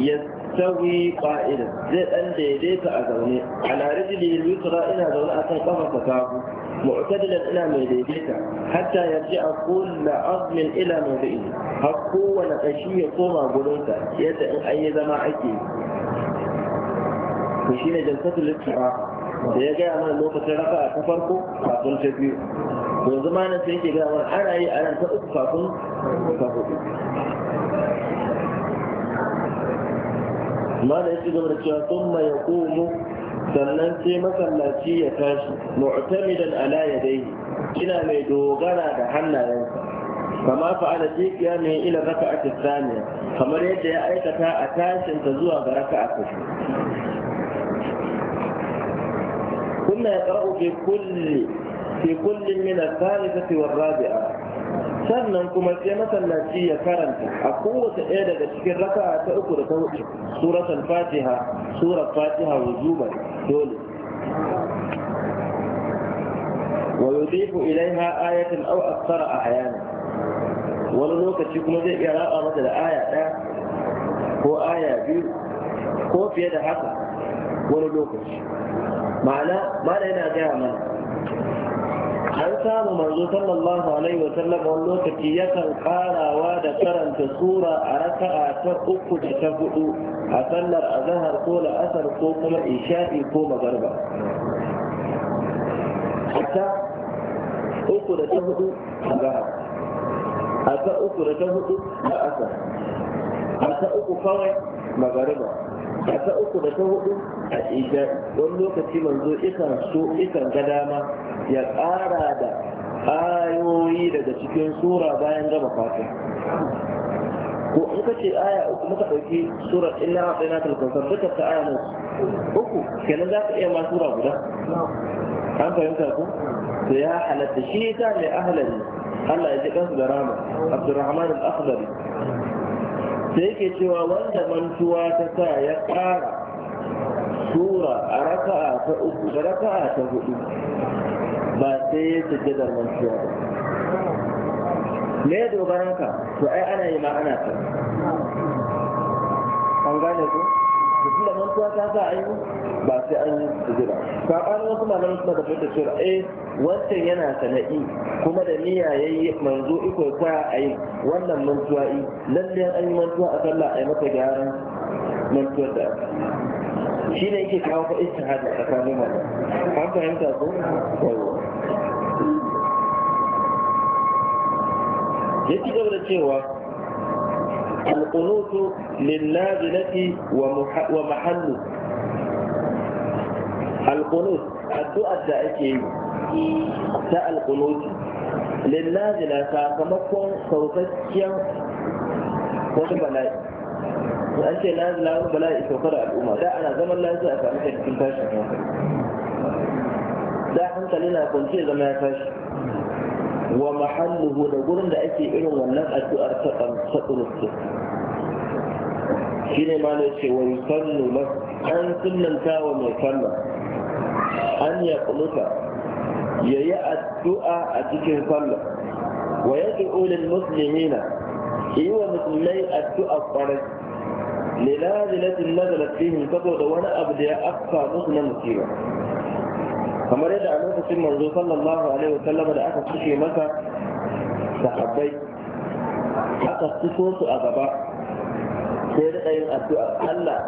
ya sauyi ƙa'idan zai ɗan daidaita a zaune ala rijili yusra ina zaune a kan ƙafa ta kafu mu'tadilan ina mai daidaita hatta yarji a kulla azmin ila mawdi'i har kowane ƙashi ya koma gurinsa yadda in an yi zama ake to shine jalsatul istiraha da ya gaya mana lokacin raka ta farko kafin ta biyu yanzu ma nan sai ke gaya mana ana yi a nan ta uku kafin ta hudu ma da yake gaba da cewa sun ma ya sannan sai masallaci ya tashi mu'tamidan ala yadayhi ina mai dogara da hannayensa kama fa'ala mai qiyamihi ila a thaniya kamar yadda ya aikata a tashin ta zuwa ga raka'a ta kunna yaqra'u fi kulli ke kulli min al-thalithati war rabi'a. sannan kuma sai masallaci ya karanta a kowace ɗaya daga cikin raka ta uku da ta hudu suratul fatiha surar fatiha wujuban dole wa yudifu ilaiha ayatan aw akthara ahyana wani lokaci kuma zai iya raba mata da aya ɗaya ko aya biyu ko fiye da haka wani lokaci ma'ana mana yana gaya mana an samu manzo sallallahu alaihi wa sallam wani lokaci yakan karawa da karanta sura a raka'a ta uku da ta hudu a sallar azahar ko la'asar ko kuma isha'i ko magarba hatta uku da ta hudu azahar a ta uku da ta hudu la'asar a ta uku kawai magarba a ta uku da ta hudu a isha wani lokaci manzo ikan so ikan ga dama ya ƙara da ayoyi daga cikin sura bayan gama fata ko in ka ce aya uku muka dauki sura illa na tsaye na talkantar duka ta aya nan uku kenan za ka iya ma sura guda an fahimta ku to ya halatta shi ne ta mai ahalari Allah ya ji kansu da rama Abdulrahman al-Akhdari da yake cewa wanda mantuwa ta sa ya ƙara sura a raka'a ta uku da raka'a ta hudu ba sai ya da mantuwa ba me ya dogaran ka to ai ana yi ma ana ta an gane ku da mantuwa ta sa ayyuka ba sai an yi zira sabanin wasu malaman suna tafi fita cewa eh wancan yana sana'i kuma da niyya yi manzo iko kwaya a yi wannan mantuwa yi lalle an yi mantuwa a sallah a yi mata gyaran mantuwar da shi ne yake kawo hada a tsakanin mana an fahimta ko ya ci gaba da cewa القنوت للنازلة ومحل alqunut addu'ar da ake yi ta alqunut linnazila sakamakon sautacciyar wani bala'i an ce nazila wani bala'i saukar al'umma da ana zaman lafiya a sami cikin tashin hankali da hankali na kwanci zama ya tashi wa mahalluhu da gurin da ake irin wannan addu'ar ta tsakunutsu shi ne ma ne ce wani sannu an sunanta wa mai sallah an ya kuluta ya yi addu'a a cikin sallah wa ya ke ulin musulmina yi wa musulmai addu'a kwarai lilalilatin nazarar fihim saboda wani abu da ya afka musu na musiba kamar yadda a lokacin manzo sallallahu alaihi wa sallama da aka maka? masa sahabbai aka fito su a gaba sai da yin addu'a Allah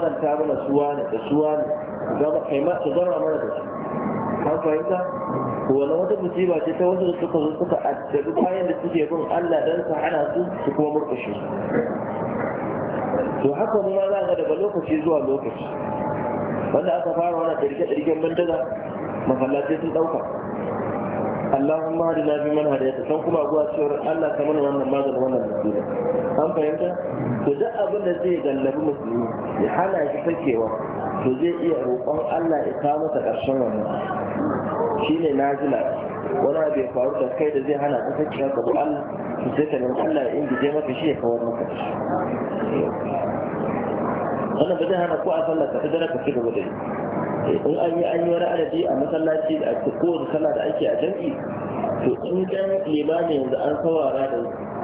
ka zanta mana suwa ne da suwa ne gaba kai ma ta zama mana da shi an fahimta Wani wata musiba ce ta wasu da suka zo suka addabi kayan da suke bin Allah dan sa hana su su kuma murƙushe to haka mu ma za ga daga lokaci zuwa lokaci wanda aka fara wannan ɗirge-ɗirgen bandaga masallatai sun ɗauka Allahumma hadina bi man hadayta san kuma guwa cewa Allah ka mana wannan maganin wannan musiba an fahimta to duk abin da zai gallabi musulmi ya hana shi fakewa to zai iya roƙon Allah ya kawo masa ƙarshen wannan shine nazila wani abu faru da kai da zai hana ta fakewa ga Allah to sai ka nemi Allah ya maka shi ya kawar maka wannan ba zai hana ko a sallah ka fi dara ka ci gaba da in an yi an yi wani adadi a masallaci a kowace sallah da ake a jam'i to in dan limami yanzu an saurara da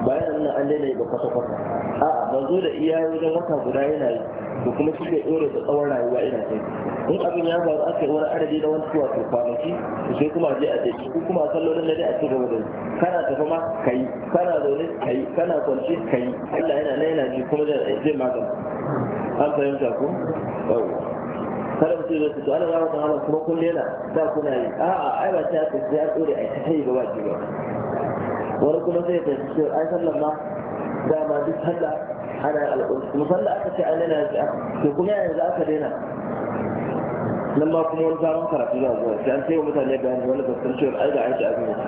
bayan nan an daina ba kwata kwata a'a manzo da iya wajen wata guda yana yi to kuma shi ne dore da tsawon rayuwa ina kai in abin ya faru aka yi wani adadi na wani wato kwanaki sai kuma je a daji ko kuma a sallolin da dai a ce gaba da kana tafi ma kai kana zaune kai kana kwanci kai Allah yana nan yana ji kuma zai magana an fahimta ko kada mutum zai fito ana zama ta hana kuma kun daina da kuna yi a'a ai ba ta yi sai a dore a ta yi ba ki ba wani kuma zai da cewa ai sallan ma dama duk sallah ana yin alƙur'ani kuma sallah aka ce an yana to kuma yanzu aka daina nan ma kuma wani sabon karatu za a zuwa sai an sai wa mutane bayani wani babban cewa ai da aiki abin yake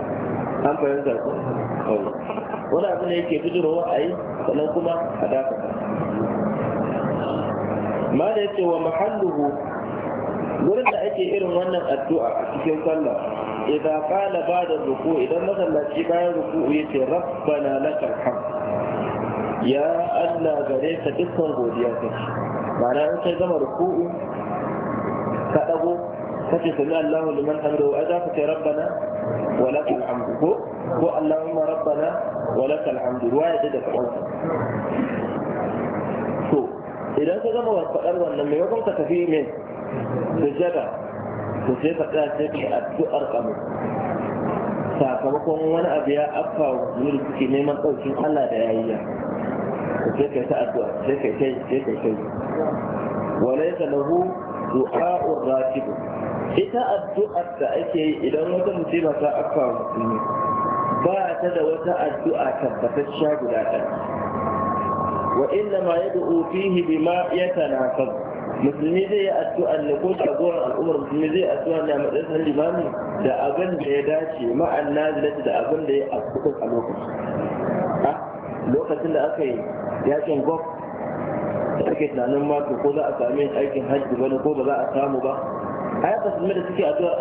an fahimta ko wani abu ne yake bijirowa a yi sannan kuma a dakata ma da ce wa mahalluhu wurin da ake irin wannan addu'a a cikin sallah إذا قال بعد الركوع إذا مثلا كيف يركوع يتي ربنا لك الحمد يا ألا غريك تكون بودياتك معناه أنت إذا ما ركوع فأبو فتي سمع الله لمن حمده وأدى فتي ربنا ولك الحمد هو اللهم ربنا ولك الحمد رواية جدا فأنت إذا أنت إذا ما ركوع أروى أن لم يكن تكفيه منه بالجبل to sai ka tsaya sai ka addu'ar kamu sakamakon wani abu ya afka wuri suke neman ɗaukin Allah da yayiya to sai ka ta addu'a sai ka kai sai ka kai walaysa lahu du'a'ur rakib ita addu'ar da ake yi idan wata musiba ta afka musulmi ba ta da wata addu'a tabbatacciya guda ɗaya wa inna ma yad'u fihi bima yatanasab musulmi zai yi addu'a ne ko jagoran al'ummar musulmi zai addu'a ne a matsayin limami da abin da ya dace ma'an nazilati da abin da ya afkuta a lokacin lokacin da aka yi yakin gwab da ake tunanin mako ko za a sami aikin hajji wani ko ba za a samu ba yaka musulmi da suke addu'a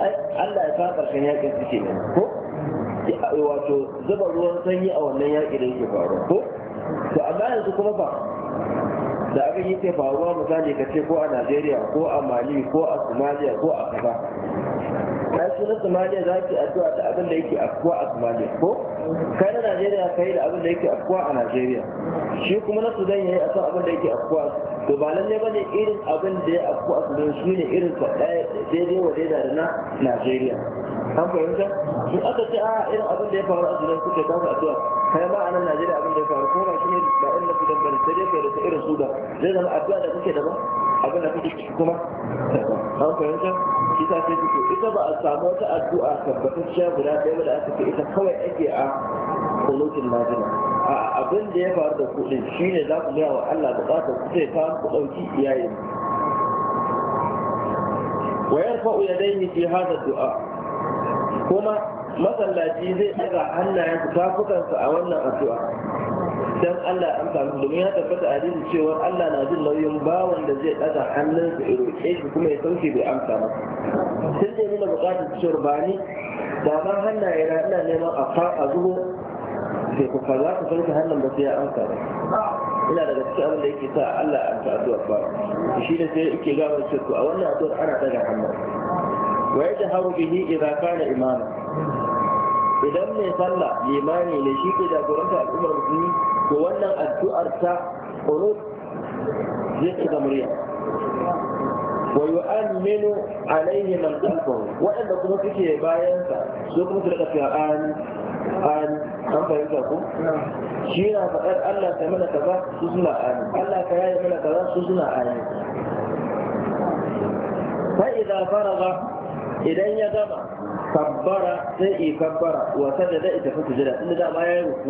Allah ya fara karshen yakin suke ne ko wato zuba ruwan sanyi a wannan yaki da yake faruwa ko to amma yanzu kuma ba da abin yake faruwa misali ka ce ko a najeriya ko a mali ko a somalia ko a kaza na shi na somalia za ki addu'a da abin da yake afkuwa a somalia ko kai na najeriya ka yi da abin da yake afkuwa a najeriya shi kuma na sudan ya yi a san abin da yake afkuwa to ba lalle ba ne irin abin da ya afkuwa a sudan shi ne irin sa ɗaya daidai wa daidai da na najeriya an fahimta in aka ce a irin abin da ya faru a jiran kuke ta fa addu'a kai ma a nan Najeriya abin da ya faru ko ba shi ne ba irin su dan bane sai dai kai da su irin su da zai zama addu'a da kuke daban abin da kuke kuma an fahimta shi ta ce ku ita ba a samu wata addu'a tabbatacciya guda ɗaya da aka ce ita kawai ake a kullutun najina a abin da ya faru da kuɗin shine za ku gaya wa Allah buƙatar ku sai ta ku ɗauki iyayen ويرفع يديه في هذا الدعاء kuma masallaci zai daga hannayen su tafukansa a wannan addu'a dan Allah an samu domin ya tabbata hadisi cewa Allah na jin nauyin bawan da zai daga hannunsa ya roƙe shi kuma ya sauke bai amsa ba sun dai nuna buƙatar cewar ba ni da ma hannaye na ina neman a fa a zuho sai ku kaza ku sauke hannun ba sai ya amsa ba ina daga cikin abin da yake sa Allah an ta addu'a ba shi ne sai yake gawar cewa a wannan addu'ar ana daga hannun wa yajharu bihi idza kana imama idan mai sallah limani ne shi ke jagoranta al'ummar musulmi to wannan addu'ar ta qunut zai ci da murya wa yu'minu alaihi man khalfahu waɗanda kuma suke sa, su kuma su rika cewa an an an fahimta ku shi na faɗar Allah ta mana kaza su suna an Allah ka yaye mana kaza su suna an fa idza faraga idan ya gama kabbara sai i kabbara wa sanda zai ita fata jira inda dama ya yi ruku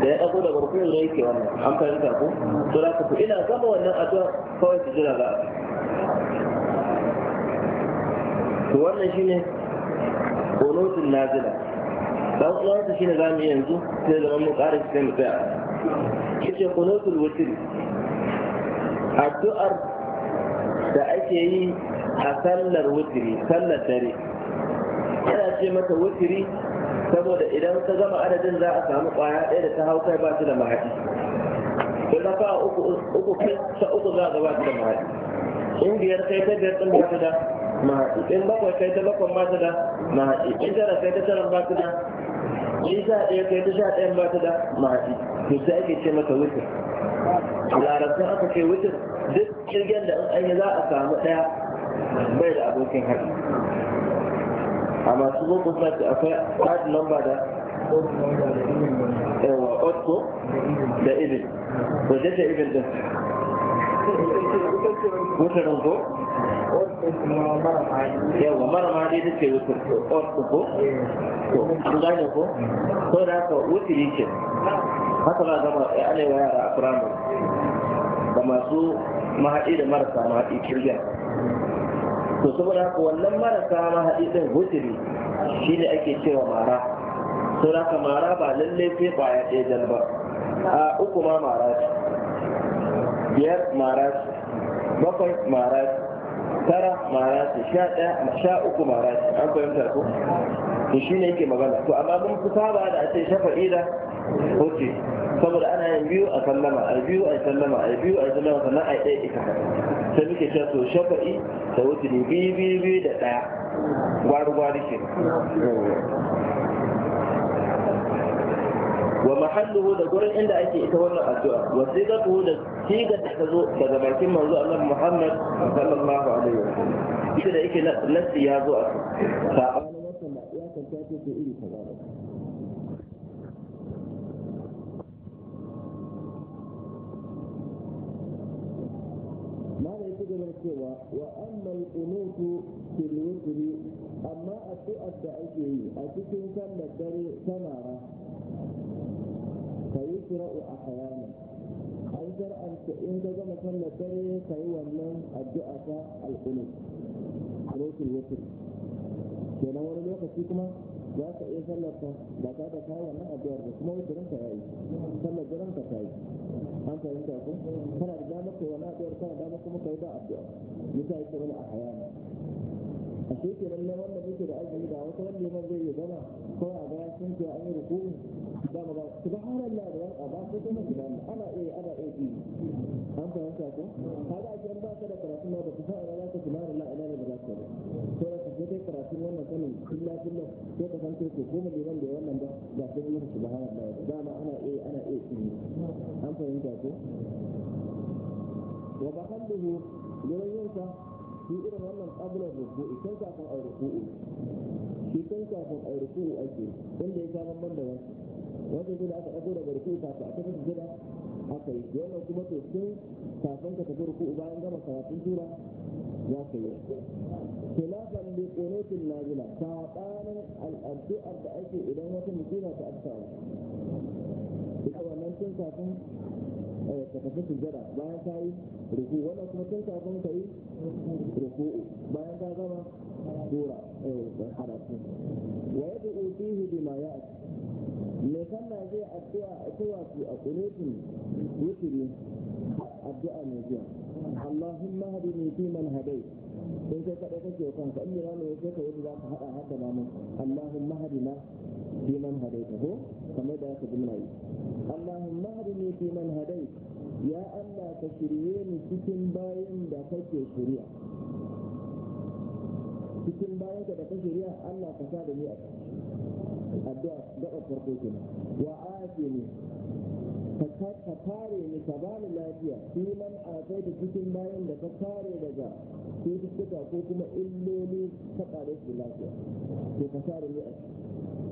da ya dago daga rukun da yake wannan an fahimta ko to za ka ina gama wannan addu'a kawai su jira za to wannan shine qunutun nazila dan uwansa shine zamu yi yanzu sai zaman mu ƙara shi sai mu tsaya yace qunutul witr addu'ar da ake yi a sallar wutiri sallar dare ana ce mata wutiri saboda idan ka gama adadin za a samu kwaya ɗaya da ta hau kai ba su da mahaɗi ko in rafa uku uku ta uku za ka ba su da mahaɗi in biyar kai ta biyar ɗin ba su da mahaɗi in bakwai kai ta bakwai ba su da mahaɗi in tara kai ta tara ba su da in sha ɗaya kai ta sha ɗaya ba su da mahaɗi to sai ake ce mata wutir larabcin aka ce wutir duk kirgen da in an yi za a samu ɗaya bai da abokin haɗi a masu boko sati akwai hard number da yawa otko da ibin waje ce ce ibin din wutarin ko yawa mara ma dai take wutar otko ko ko an gane ko ko da haka wutiri ce haka ba zama ya alewa yara a firamun da masu mahaɗi da marasa mahaɗi kirgin to saboda haka wannan marasa mahadi din hujiri ne ake cewa mara to haka mara ba lalle sai kwaya ɗaya jan ba a uku ma mara ce biyar mara ce bakwai mara ce tara mara ce sha ɗaya sha uku mara ce an fahimtar ko to ne yake magana to amma mun fi saba da a ce shafa'i wuce saboda ana yin biyu a sallama a biyu a sallama a biyu a sallama sannan a ɗaya ita sai muke cewa to shafa'i ta wuce ne biyu biyu biyu da ɗaya gwari-gwari ke wa mahalluhu da gurin inda ake ita wannan addu'a wa sigatuhu da siga da ta zo daga bakin manzo Allah Muhammad sallallahu alaihi wasallam ita da yake nasi ya zo a sa a wannan matan ba iya kanta ce iri kaza ba yana cewa wa ammal qunutu fil wutri amma addu'ar da ake yi a cikin sallar dare samara kayi sura'u a hayana an shar'anta in ka gama sallar dare kayi wannan addu'a ta alqunut qunutul wutri kenan wani lokaci kuma za ka iya sallar ta ba ka da kayan nan addu'ar ba kuma wutrin ka yayi sallar dare ka ta yi an fahimta ko kana da damar kai wani addu'ar kana damar kuma kai ba addu'a yasa yake wani a hayana a sheke nan na wanda muke da azumi da wata wanda yaman zai yi gama ko a ga sun ce an yi ruku da mu ba su ba har Allah da wani ba ko kuma su ana iya ana iya ji an fahimta ko kaga a ba ka da karatu ma ba ku sa'a za ka tunara la'ila da ba za ka ba sai kai karatu wannan sanin kulla kulla sai ka san ko ko bai ran da wannan ba ba sai yin shi ba dama ana eh ana eh an fahimta ko wa bakalluhu gurin yinsa shi irin wannan qabla ruku'i kai kafin ai ruku'i shi kai kafin ai ruku'i ake inda ya samu man da wanda wajen da aka ɗago daga ka kafin aka tafi gida aka yi wannan kuma to tun kafin ka tafi ruku bayan gama karatun tura za ka yi khilafan li qunutin nazila sabanin al'addu'ar da ake idan wata musiba ta afkawa ita wannan tun kafin ta tafi sujada bayan ta yi ruku wannan kuma tun kafin ka yi ruku'u bayan ta gama sura harafin wa yad'u fihi bima ya'ti me kanna zai addu'a a tawaki a qunutun wutri addu'a mai zuwa اللهم اهدني فيمن هديت in kai kaɗai kake kanka in limamin ya kai ka yadda za ka haɗa har da mamu allahumma hadina fi man hadaita ko kamar da ka jimla yi allahumma hadini fi man hadai ya allah ka shirye ni cikin bayan da kake shirya cikin bayan da kake shirya allah ka sa da ni a addu'a gaba farko kenan wa afini ka kare ni ka bani lafiya shi man a kai da cikin bayan da ka kare daga cututtuka ko kuma illoli ka kare su lafiya to ka kare ni a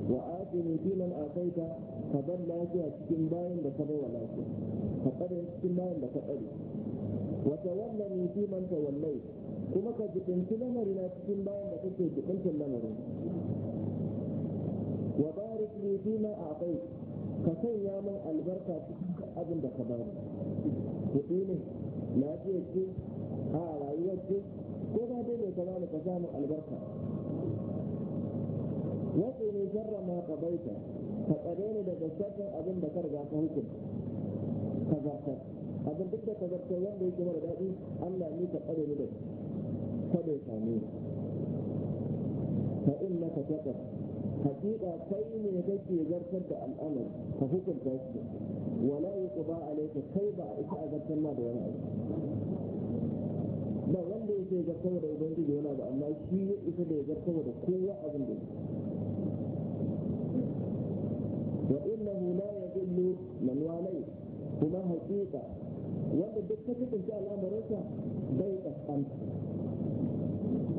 wa ni shi man kai ka bar lafiya cikin bayan da ka bawa lafiya ka tsare cikin bayan da ka tsare wa ni shi man wallai kuma ka jibinci lamari na cikin bayan da kake jibincin lamarin wa barik li fi man ataita ka sanya min albarka cikin abin da ka bani kuɗi ne lafiya ce a rayuwar ce ko ba dai mai kama ka samu albarka wasu ne sharra ma ka baita ka tsare ni daga shakkan abin da ka riga ka hukum ka zartar abin duk da ka zartar wanda yake mara daɗi Allah ne ka tsare ni da kada ya same ka in na ka taɓa hakika kai ne kake zartar da al'amar ka hukunta shi wala yuqda alayka kai ba ita a zartar ma da wani abu ba wanda yake zartar da ubangiji wani abu amma shi ya isa da ya zartar da kowa abin da wa innahu la yadillu man walai kuma hakika wanda duk ka kasance al'amarinsa bai kaskanta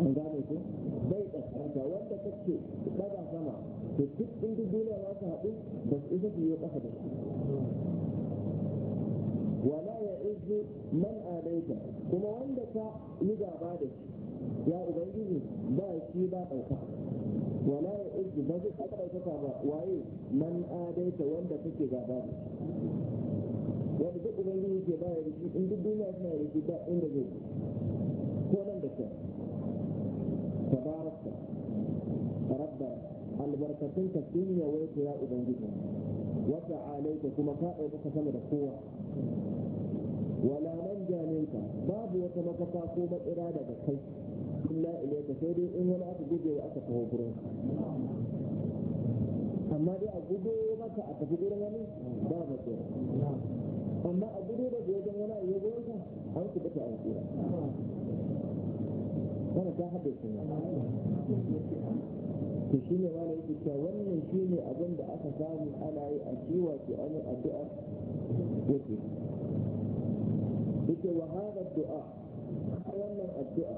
an gane bai kaskanta wanda kake daga sama to duk in duk duniya za su haɗu ba su isa su yi ƙasa da shi wala ya izu man alaika kuma wanda ka yi gaba da shi ya ubangiji ba shi ba ɗauka wala ya izu ba zai aka ɗaukaka ba waye man alaika wanda kake gaba da shi wanda duk ubangiji ke ba ya rikici in duk duniya suna rikici ba inda zai ko nan da can albarkatun ka sun yawaita ya ubangiji wata alaita kuma ka ɗauki sama da kowa wala nan janinka babu wata makafa ko matsira daga kai illa ilaika sai dai in wani aka guje aka taho gurin amma dai a gudu maka a tafi gurin wani ba matsira amma a gudu da wajen wani a yi gurin ka an ku bata an tsira wannan ta haɗe sun to shi ne mana yake cewa wannan shi ne abin da aka samu ana yi a shi wato an yi addu'a yake yake wa hada du'a wannan addu'a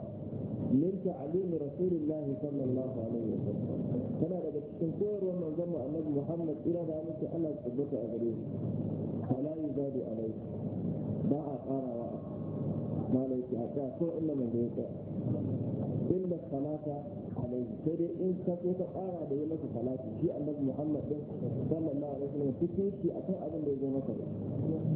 min ta'lim rasulillahi sallallahu alaihi wa sallam kana daga cikin koyarwar manzon mu annabi Muhammad ira da muke Allah ya a gare shi ala yuzadu alai ba a karawa malai ki a ta ko inna man da ya yake inda salata alaihi sai dai in ka so ka da yi masa salati shi annabi muhammad din sallallahu alaihi wasallam cikin shi akan abin da ya zo masa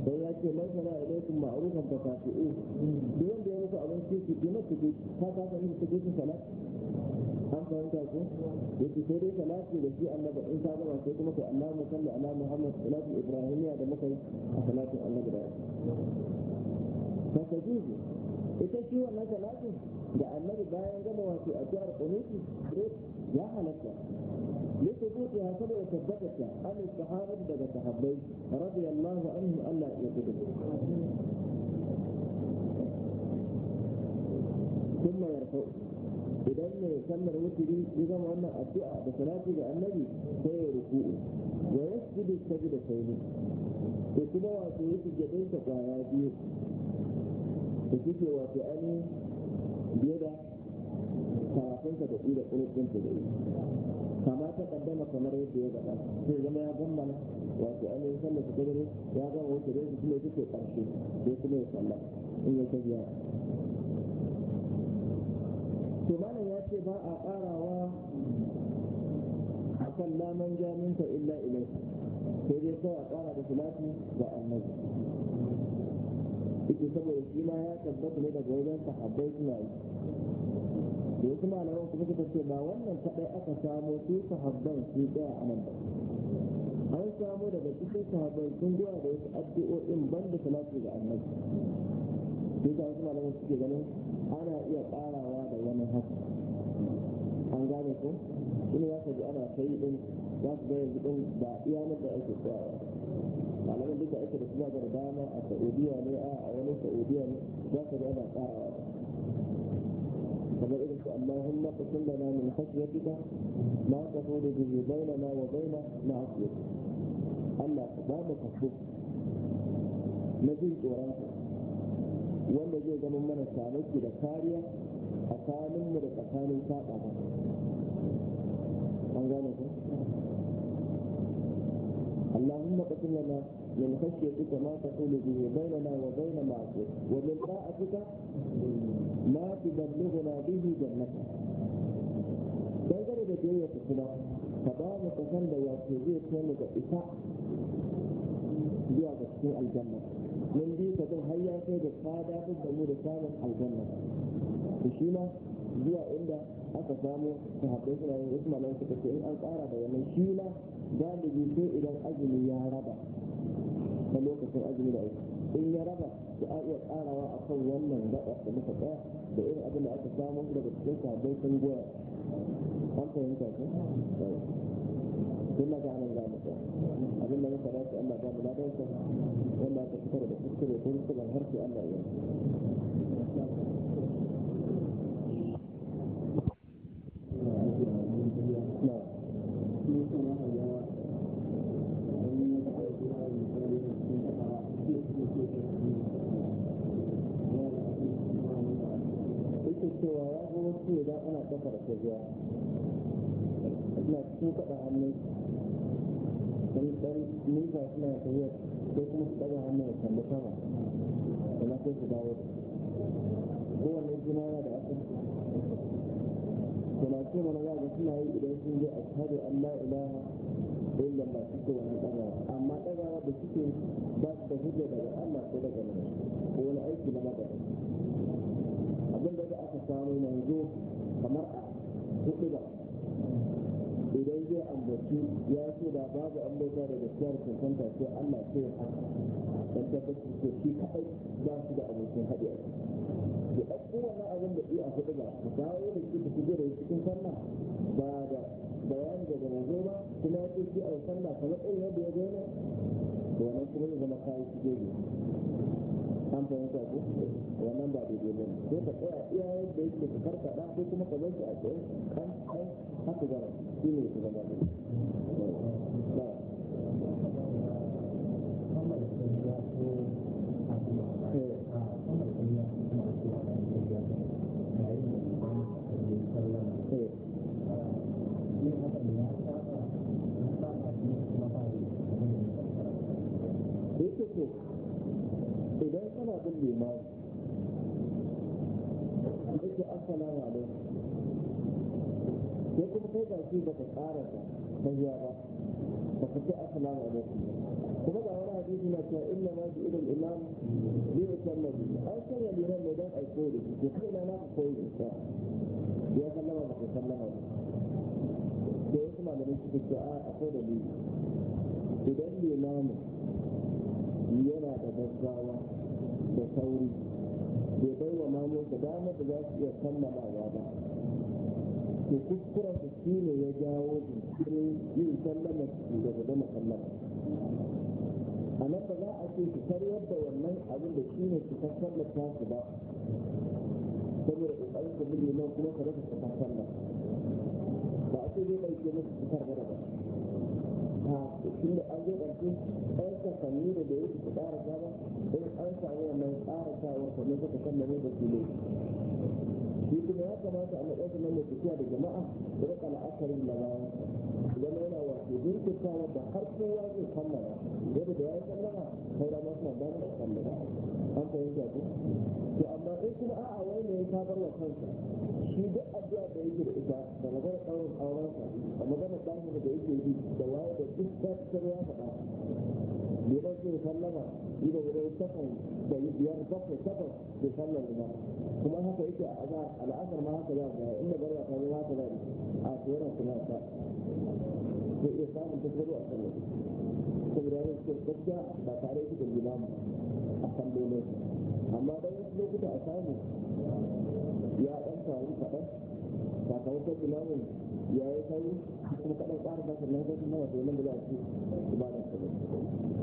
dan ya ce sana ma'rufan duk wanda ya muku abin ki masa ki ka ka san ni cikin salati an fahimta ko yake sai dai salati da shi annabi in ka gama sai kuma ka salli ala muhammad salati da muka yi a salatin annabi da ya ita shi wannan salatin da annabi bayan gama wato addu'ar qunuti ya halatta ne ta buɗe ha saboda tabbatar ta an sahabat daga sahabbai radiyallahu anhu Allah ya kudu ثم يرفع idan mai sallar wuturi ya gama wannan addu'a da salati ga annabi sai ya ruku'u wa yasjudu sajda sayyi to kuma wato yake gaban ta kwaya biyu da wace wato ani fiye da karatunsa da shi da ƙulƙunsa da shi kama ta kaddama kamar yadda ya gaba sai zama ya gammala wato ainihin sallar ta ya gama wuce da kuma ya karshe sai kuma ya salla in ya ta biya to malam ya ce ba a karawa a kan laman jaminta illa ilai sai dai kawai a ƙara da salati ga annabi ciki saboda shi ma ya tabbata ne daga wajen sahabbai suna yi da wasu malaman kuma suka ce ba wannan kaɗai aka samo su sahabban su ɗaya a nan ba an samo daga cikin sahabbai sun zuwa da wasu addu'o'in ban da salatu ga annabi sai ta wasu malaman suke ganin ana iya ƙarawa da wani haka an gane ko shi ne za ka ji ana kai din za ga yanzu din ba iya nan da ake tsayawa malamai duka ake da kuma da dama a saudiya ne a a wani saudiya ne za ka ga ba ƙarawa kamar irin su اللهم اقسم لنا من خشيتك ما تفوض به بيننا وبين معصيتك Allah ba mu kaso na jin tsoronka wanda zai zama mana samaki da kariya tsakaninmu da tsakanin ba. an gane ku اللهم قسم لنا من خشيتك ما تحول به بيننا وبين معصيتك ومن طاعتك ما تبلغنا به جنتك dangane da biyayyarsa kuma ka ba mu kasan da wato zai kai mu ga isa zuwa ga cikin aljanna mun bi ka zan har ya kai da fada da mu da samun aljanna to shi ma zuwa inda aka samu sahabbai suna yin wasu malamai suka ce in an tsara da wannan shi ma galibi sai idan azumi ya raba ta lokacin azumi da aiki in ya raba da a iya karawa a kan wannan gaba da muka tsaya da irin abin da aka samu daga cikin sabon sun goya an fahimta ko tun daga anan za mu tsaya abin da muka dace Allah ba mu ladansa wanda aka fitar da kuskure ko kuskuren harshe Allah ya yi sake zuwa ina cikin kaɗa hannun wani suna tafiya sai kuma su ɗaga hannun ya kalli sama da sai su dawo kowane juna yana da asali kuma ce mana za ga suna yi idan sun je a ashhadu an la ilaha illa allah suke wani ɗaga amma daga da suke ba su da hujja daga allah ko daga nan ko wani aiki na magana abin da aka samu yanzu kamar a hudu ba idan zai ambaci ya so da babu an bauta da gaskiyar kusanta ce Allah ce ya haka dan tabbatar da shi kaɗai ba su da abokin haɗe da ɗan abin da iya hudu ba ku dawo da shi ku da cikin sallah ba da bayani daga manzo ba kuma ya ce shi a sallah kamar irin yadda ya zo ne to wannan kuma zama kayan shi an fahimta ko wannan ba daidai ba ko ka tsaya iya yadda yake ka karkaɗa ko kuma ka bar shi a tsaye kan kan haka gara shi ne ka gaba ba ce baka tsara ta ba baka ce assalamu alaikum kuma ga wani hadisi na cewa inna ma irin ilal imam bi utamma an an sanya liran ne dan aiko da ko kai na na koyi da ya sallama ba ka sallama ba da wasu malamai suka ce a akwai dalili idan limamin yana da gaggawa da sauri bai bai wa mamun da damar da za su iya sallamawa ba to kuskuren su shi ne ya jawo jinkirin yin sallama daga gama sallama a nan ba za a ce su karyar da wannan abin da shi ne su sallata su ba saboda ƙoƙarin da muke nan kuma ka rasa su sallama ba a ce zai ɗauke musu su karɓar ba ha shi da an zo ɗauke ɗan kasanni da da yake su ƙara ba in an samu wannan ƙara sawar kamar suka sallame da su ne shi kuma ya kamata a matsayin nan mai tafiya da jama'a da rika la'akari na bayan zama yana wato jirkitawa da har kowa zai kammala yadda da ya yi sallama kai da masu nan da kammala an fahimta ko to amma in kuma a'a wai ne ya sabar wa kansa shi duk addu'a da yake da ita da maganar ɗaurin aurensa da maganar ɗahin da yake yi da waye da duk ta fitar ya faɗa liman zai sallama idan idan takwas da biyar takwas takwas zai sallama ba kuma haka yake a za al'adar ma haka za a inda bari ta zama haka za a a tseren kuma ta ya iya samun tasgaro a sallar saboda yana cikin gaskiya ba tare da limamu a sallolin amma dan wasu lokuta a samu ya ɗan faru kaɗan sakamakon limamin ya yi kai kuma kaɗan ƙara da sannan sai kuma wato nan da za a ce ba da sallar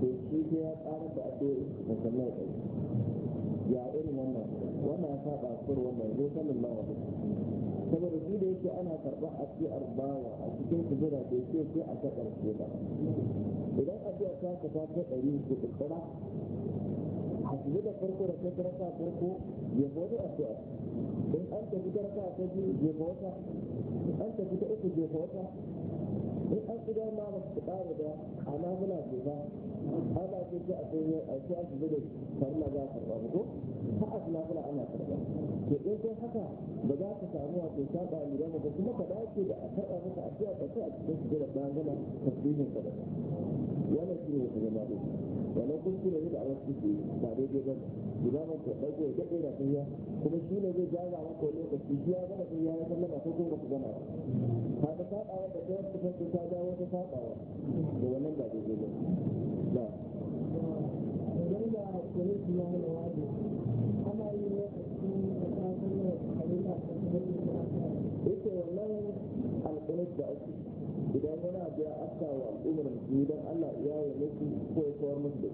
to shi ke ya ƙara da ake musamman ɗai ya irin wannan wannan ya saba kur wannan zai sanin ba wani saboda shi da yake ana karɓar addu'ar bawa a cikin kubura da yake sai a ta ƙarshe ba idan a ta ka ta ɗari ku ƙirƙira hasbi da farko da ta karanta farko ya a addu'a in an tafi karanta ta biyu je wata in an tafi ta uku wata in an fi ma ba su ƙara da amma muna ce ba an ba ce a sun yi aiki a su zuba farla za a karɓa ba ko ha a suna fula ana karɓa to in kai haka ba za ka samu wato saɓa a lura ba kuma ka dace da a karɓa maka a cewa ka a cikin su zuba bayan gana tasbihin ka da wannan shi ne wata zama ɗin wannan kun shi ne da a wasu ke ba daidai ba imamin ka ɗauko ya daɗe da kuma shi ne zai jaza maka lokaci shi ya gana sun ya yi sallama ko kuma ku gana ba ka ga sabawa da kawai ta fito ta wata ta sabawa da wannan ba zai zai ba ba idan da kwaliti ya hana wani ana yi ne a cikin kasashen da kalila ta yake wannan alƙulit da ake idan wani abu ya afka wa al'ummar musulmi don allah ya yi musu ko ya kawar musu da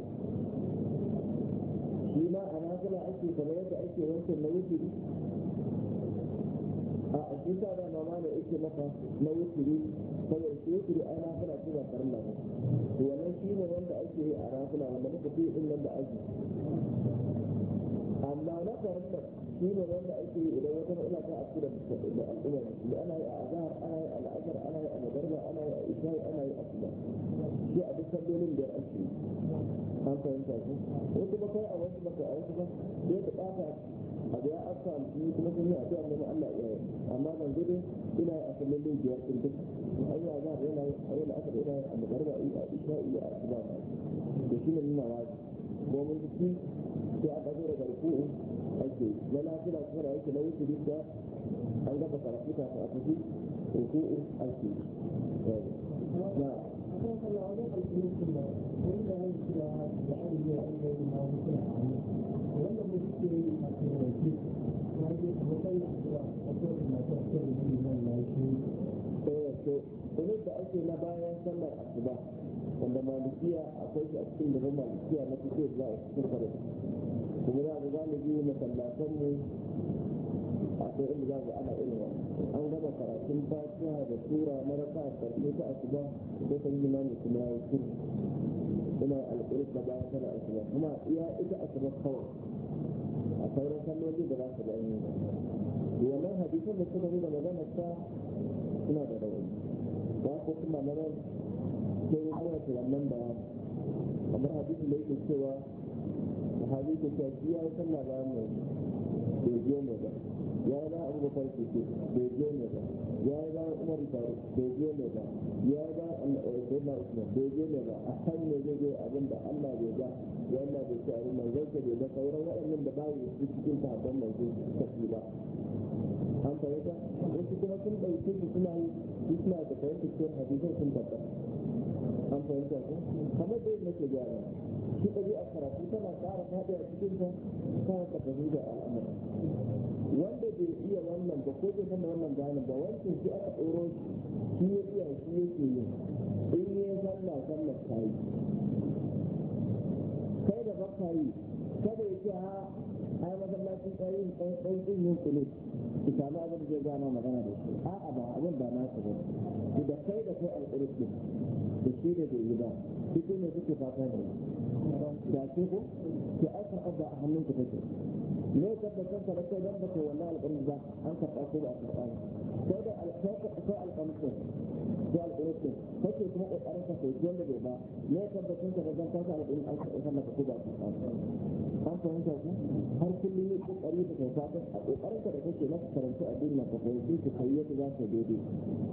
shi ma a nasala ake kamar yadda ake wancan na wuturi a shi sa da mama ne yake maka na wuturi saboda shi wuturi ai rafuna ce ba farilla ba to wannan shi ne wanda ake yi a rafuna wanda muka fi din nan da aji amma na farilla shi ne wanda ake yi idan wata ina ta a cikin da al'umma musulmi ana yi a azahar, ana yi a al'azhar ana yi a magarba ana yi a isha'i ana yi a kuma shi a duk sallolin biyar ake yi an fahimta su ko kuma kai a wasu ba, maka a wasu ba sai ka ɓata abu ya afka ni kuma sun yi a ce annabi Allah ya yi amma ban gudu ina a kallon dukiyar sun duk hanya za a yana a yana aka ina a magarba a isha'i a asuba da shi ne nuna wazi ko mun jiki sai aka zo daga rukun ake na lafiya kuma da yake na wuce duk da an gaba karatu kafin a tafi rukun ake na wanda Kunin eh, da ake na bayan sallar asuba wanda malikiya akwai shi a cikin da malikiya na fito za a cikin farin kuma za a galibi masallatan mu akwai inda za ga ana irin an gama karatun fatiha da tura maraka a karshe ta asuba ko kan yi mani kuma ya yi ina alƙulus da bayan tana asuba kuma ya ita asuba kawai sauran kalloli da za su ga da wannan hadisun da suka nuna magana ta suna da rauni ba ko kuma maganar sai ya kawo ta wannan ba amma hadisun da yake cewa sahabi ke cewa shi ya yi sallah bayan mai bai je ne ba ya yi bayan abubakar ke ce bai je ne ba ya yi bayan umar faru bai je ne ba ya ba al'adunan da bai je ne ba a kan ne zai je abin da allah bai ba ya allah bai ce abin manzon ka da sauran waɗannan da bayi su cikin mai zai tafi ba an fahimta wasu kuma sun ɗauke su suna yi suna da fahimta cikin hadisan sun tafi an fahimta ku. kamar da yadda nake gyara shi a karatu tana ƙara faɗi a cikin ta ta ka fahimta al'amuran wanda bai iya wannan ba ko bai san wannan ganin ba wancan shi aka tsoro shi ya iya shi ke yi in ya sallah sallah ta yi kai da baka yi kada ya ce ha ai masallacin yi ɗan ɗan yin kulit ki samu abin da zai gano magana da su? a'a ba abin ba na tsoro da kai da kai alƙurus da shi da bai yi ba duk ne suke fata ne da ke ko ki aka abba a hannun ku take ne tabbatar ka da kai don baka wannan alƙarin ba an karɓa ko ba a karɓa ba sai da sai alƙarin sai Karanta ka kai bai ba ne tabbacin ka da zan kasa da ɗin aka isa maka ba su an fahimta ku har kullum yi kokari da kai fata a kokarin ka da kake na karanta addini na ka fahimci ka kai za ka daidai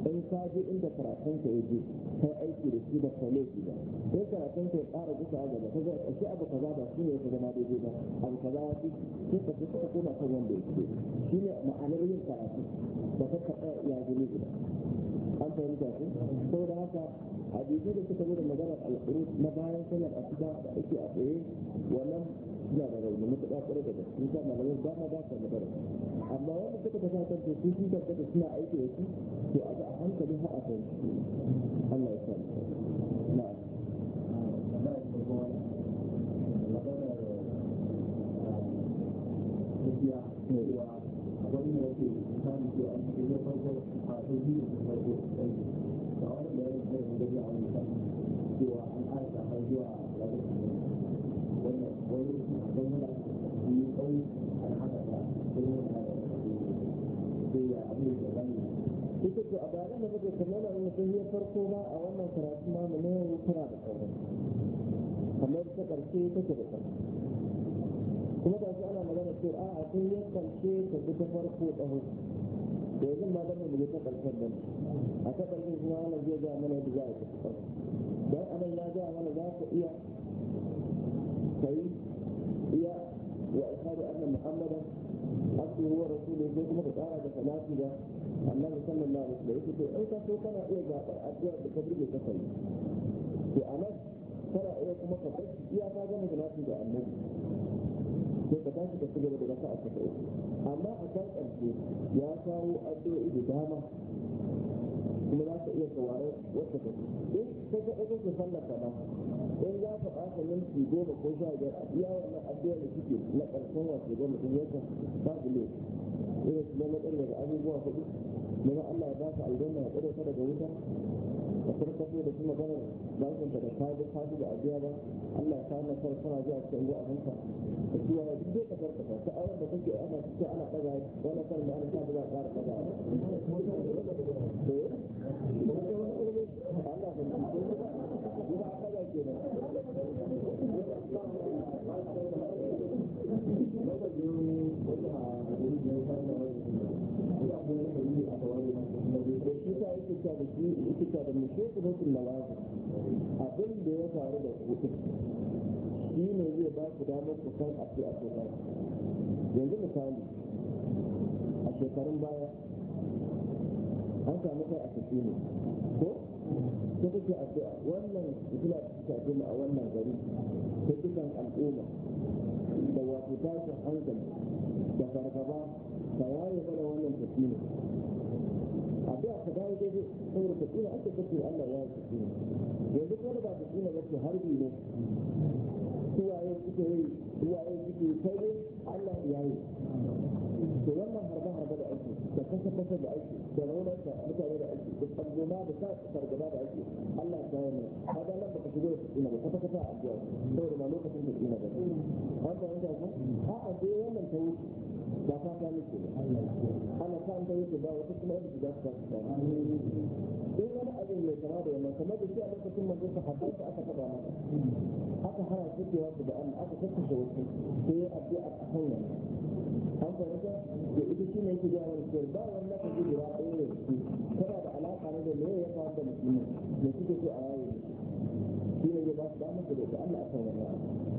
in ka je inda karatun ka yaje kai aiki da shi da kale shi ba sai karatun ka ya ƙara duka a gaba ka ga ashe abu kaza ba shi ne ya zama daidai ba abu kaza ya fi sai ka fi ka kuma ta wanda ya shi ne ma'anar yin karatu da ka taɓa ya zama ba. an fahimta ku sau da haka hadisi da suka da magana al'uru na bayan sallar a da ake a tsaye wannan suna da rauni matuƙa ƙwarai da gaske da malamai ba ma ba ta magana amma wanda suka ta sa su sun tabbata suna aiki da su to a ga a hankali har a kai Allah ya sa na'am ita ce a bayan da muke sun farko a wannan karatu ma tana da kamar ta da kuma ana magana ce a a sun yi ƙarshe ta bi ta farko tsauri to yanzu ma dan mu je ta karshen nan a ta karshen kuma ana zai ga mana yadda za a tafi karshe dan anan ya ga mana za ka iya kai iya wa ashhadu anna muhammadan abduhu wa rasuluhu sai kuma ka tsara da salati da annabi sallallahu alaihi wasallam yake to ai ka so kana iya zaɓar addu'a da ka da ka kai to anan kana iya kuma ka bar iya ka gama salati da annabi sai ka tashi ka ci gaba da raka a kasa uku amma a kan ƙarshe ya kawo addu'o'i da dama kuma za ka iya sauraron wata ka in ka ga ɗaga ka sallar ka ba in za ka ɓata minti goma ko sha biyar a iya wannan addu'a da suke na ƙarshen wasu goma sun Ba babu ne irin su zama ɗan daga abubuwa kuɗi na Allah ya ba ka aljanna ya ƙure ka daga wuta ka karkato da kuma ganin bakin da ka ji ka da abiya ba Allah ya kama kai kana ji a cikin ruwan ka da cewa duk dai ka ta ayar da kake ana cike ana daga wani kan da ana sa ba ka ƙara daga eh? Allah ya kama kai da shi da muke kuma abin da ya faru da ku shi ne zai ba ku damar ku san a ce a shekaru yanzu misali a shekarun baya an samu kai a tafi ne ko ta kake addu'a wannan kula ta tafi a wannan gari ta dukan al'umma da wato tashin hankali da fargaba ta yaye mana wannan tafi ne addu'a ka dawo daidai saboda ka tsira ake kace Allah ya yi tsira yanzu ko da ba ka tsira ba ce harbi ne suwaye suke yi suwaye suke kai Allah ya yi to wannan harba harba da ake da kasa kasa da ake da raunar da mutane da ake da tsangoma da sa fargaba da ake Allah ya yi ba da nan ba ka shigo da tsina ba kasa kasa a addu'a saboda ma lokacin da tsina ba an ta yanka ku a a dai wannan ta wuce ba ta ta muke ana ta an tayi ba wata kuma yadda su za su kasu ba in wani abin mai kama da yamma kamar da shi a lokacin manzo sa haɗar da aka taɓa mata aka hana su ke wasu da Allah aka kakkashe wasu sai ya addu'a a kan yamma an fahimta da ita shi ne yake gaya wani cewa ba wani lafazi guda ɗaya ne su tana da alaka ne da me ya faru da musulmi da suke so a yawo shi ne ya ba su damar da Allah a kan wani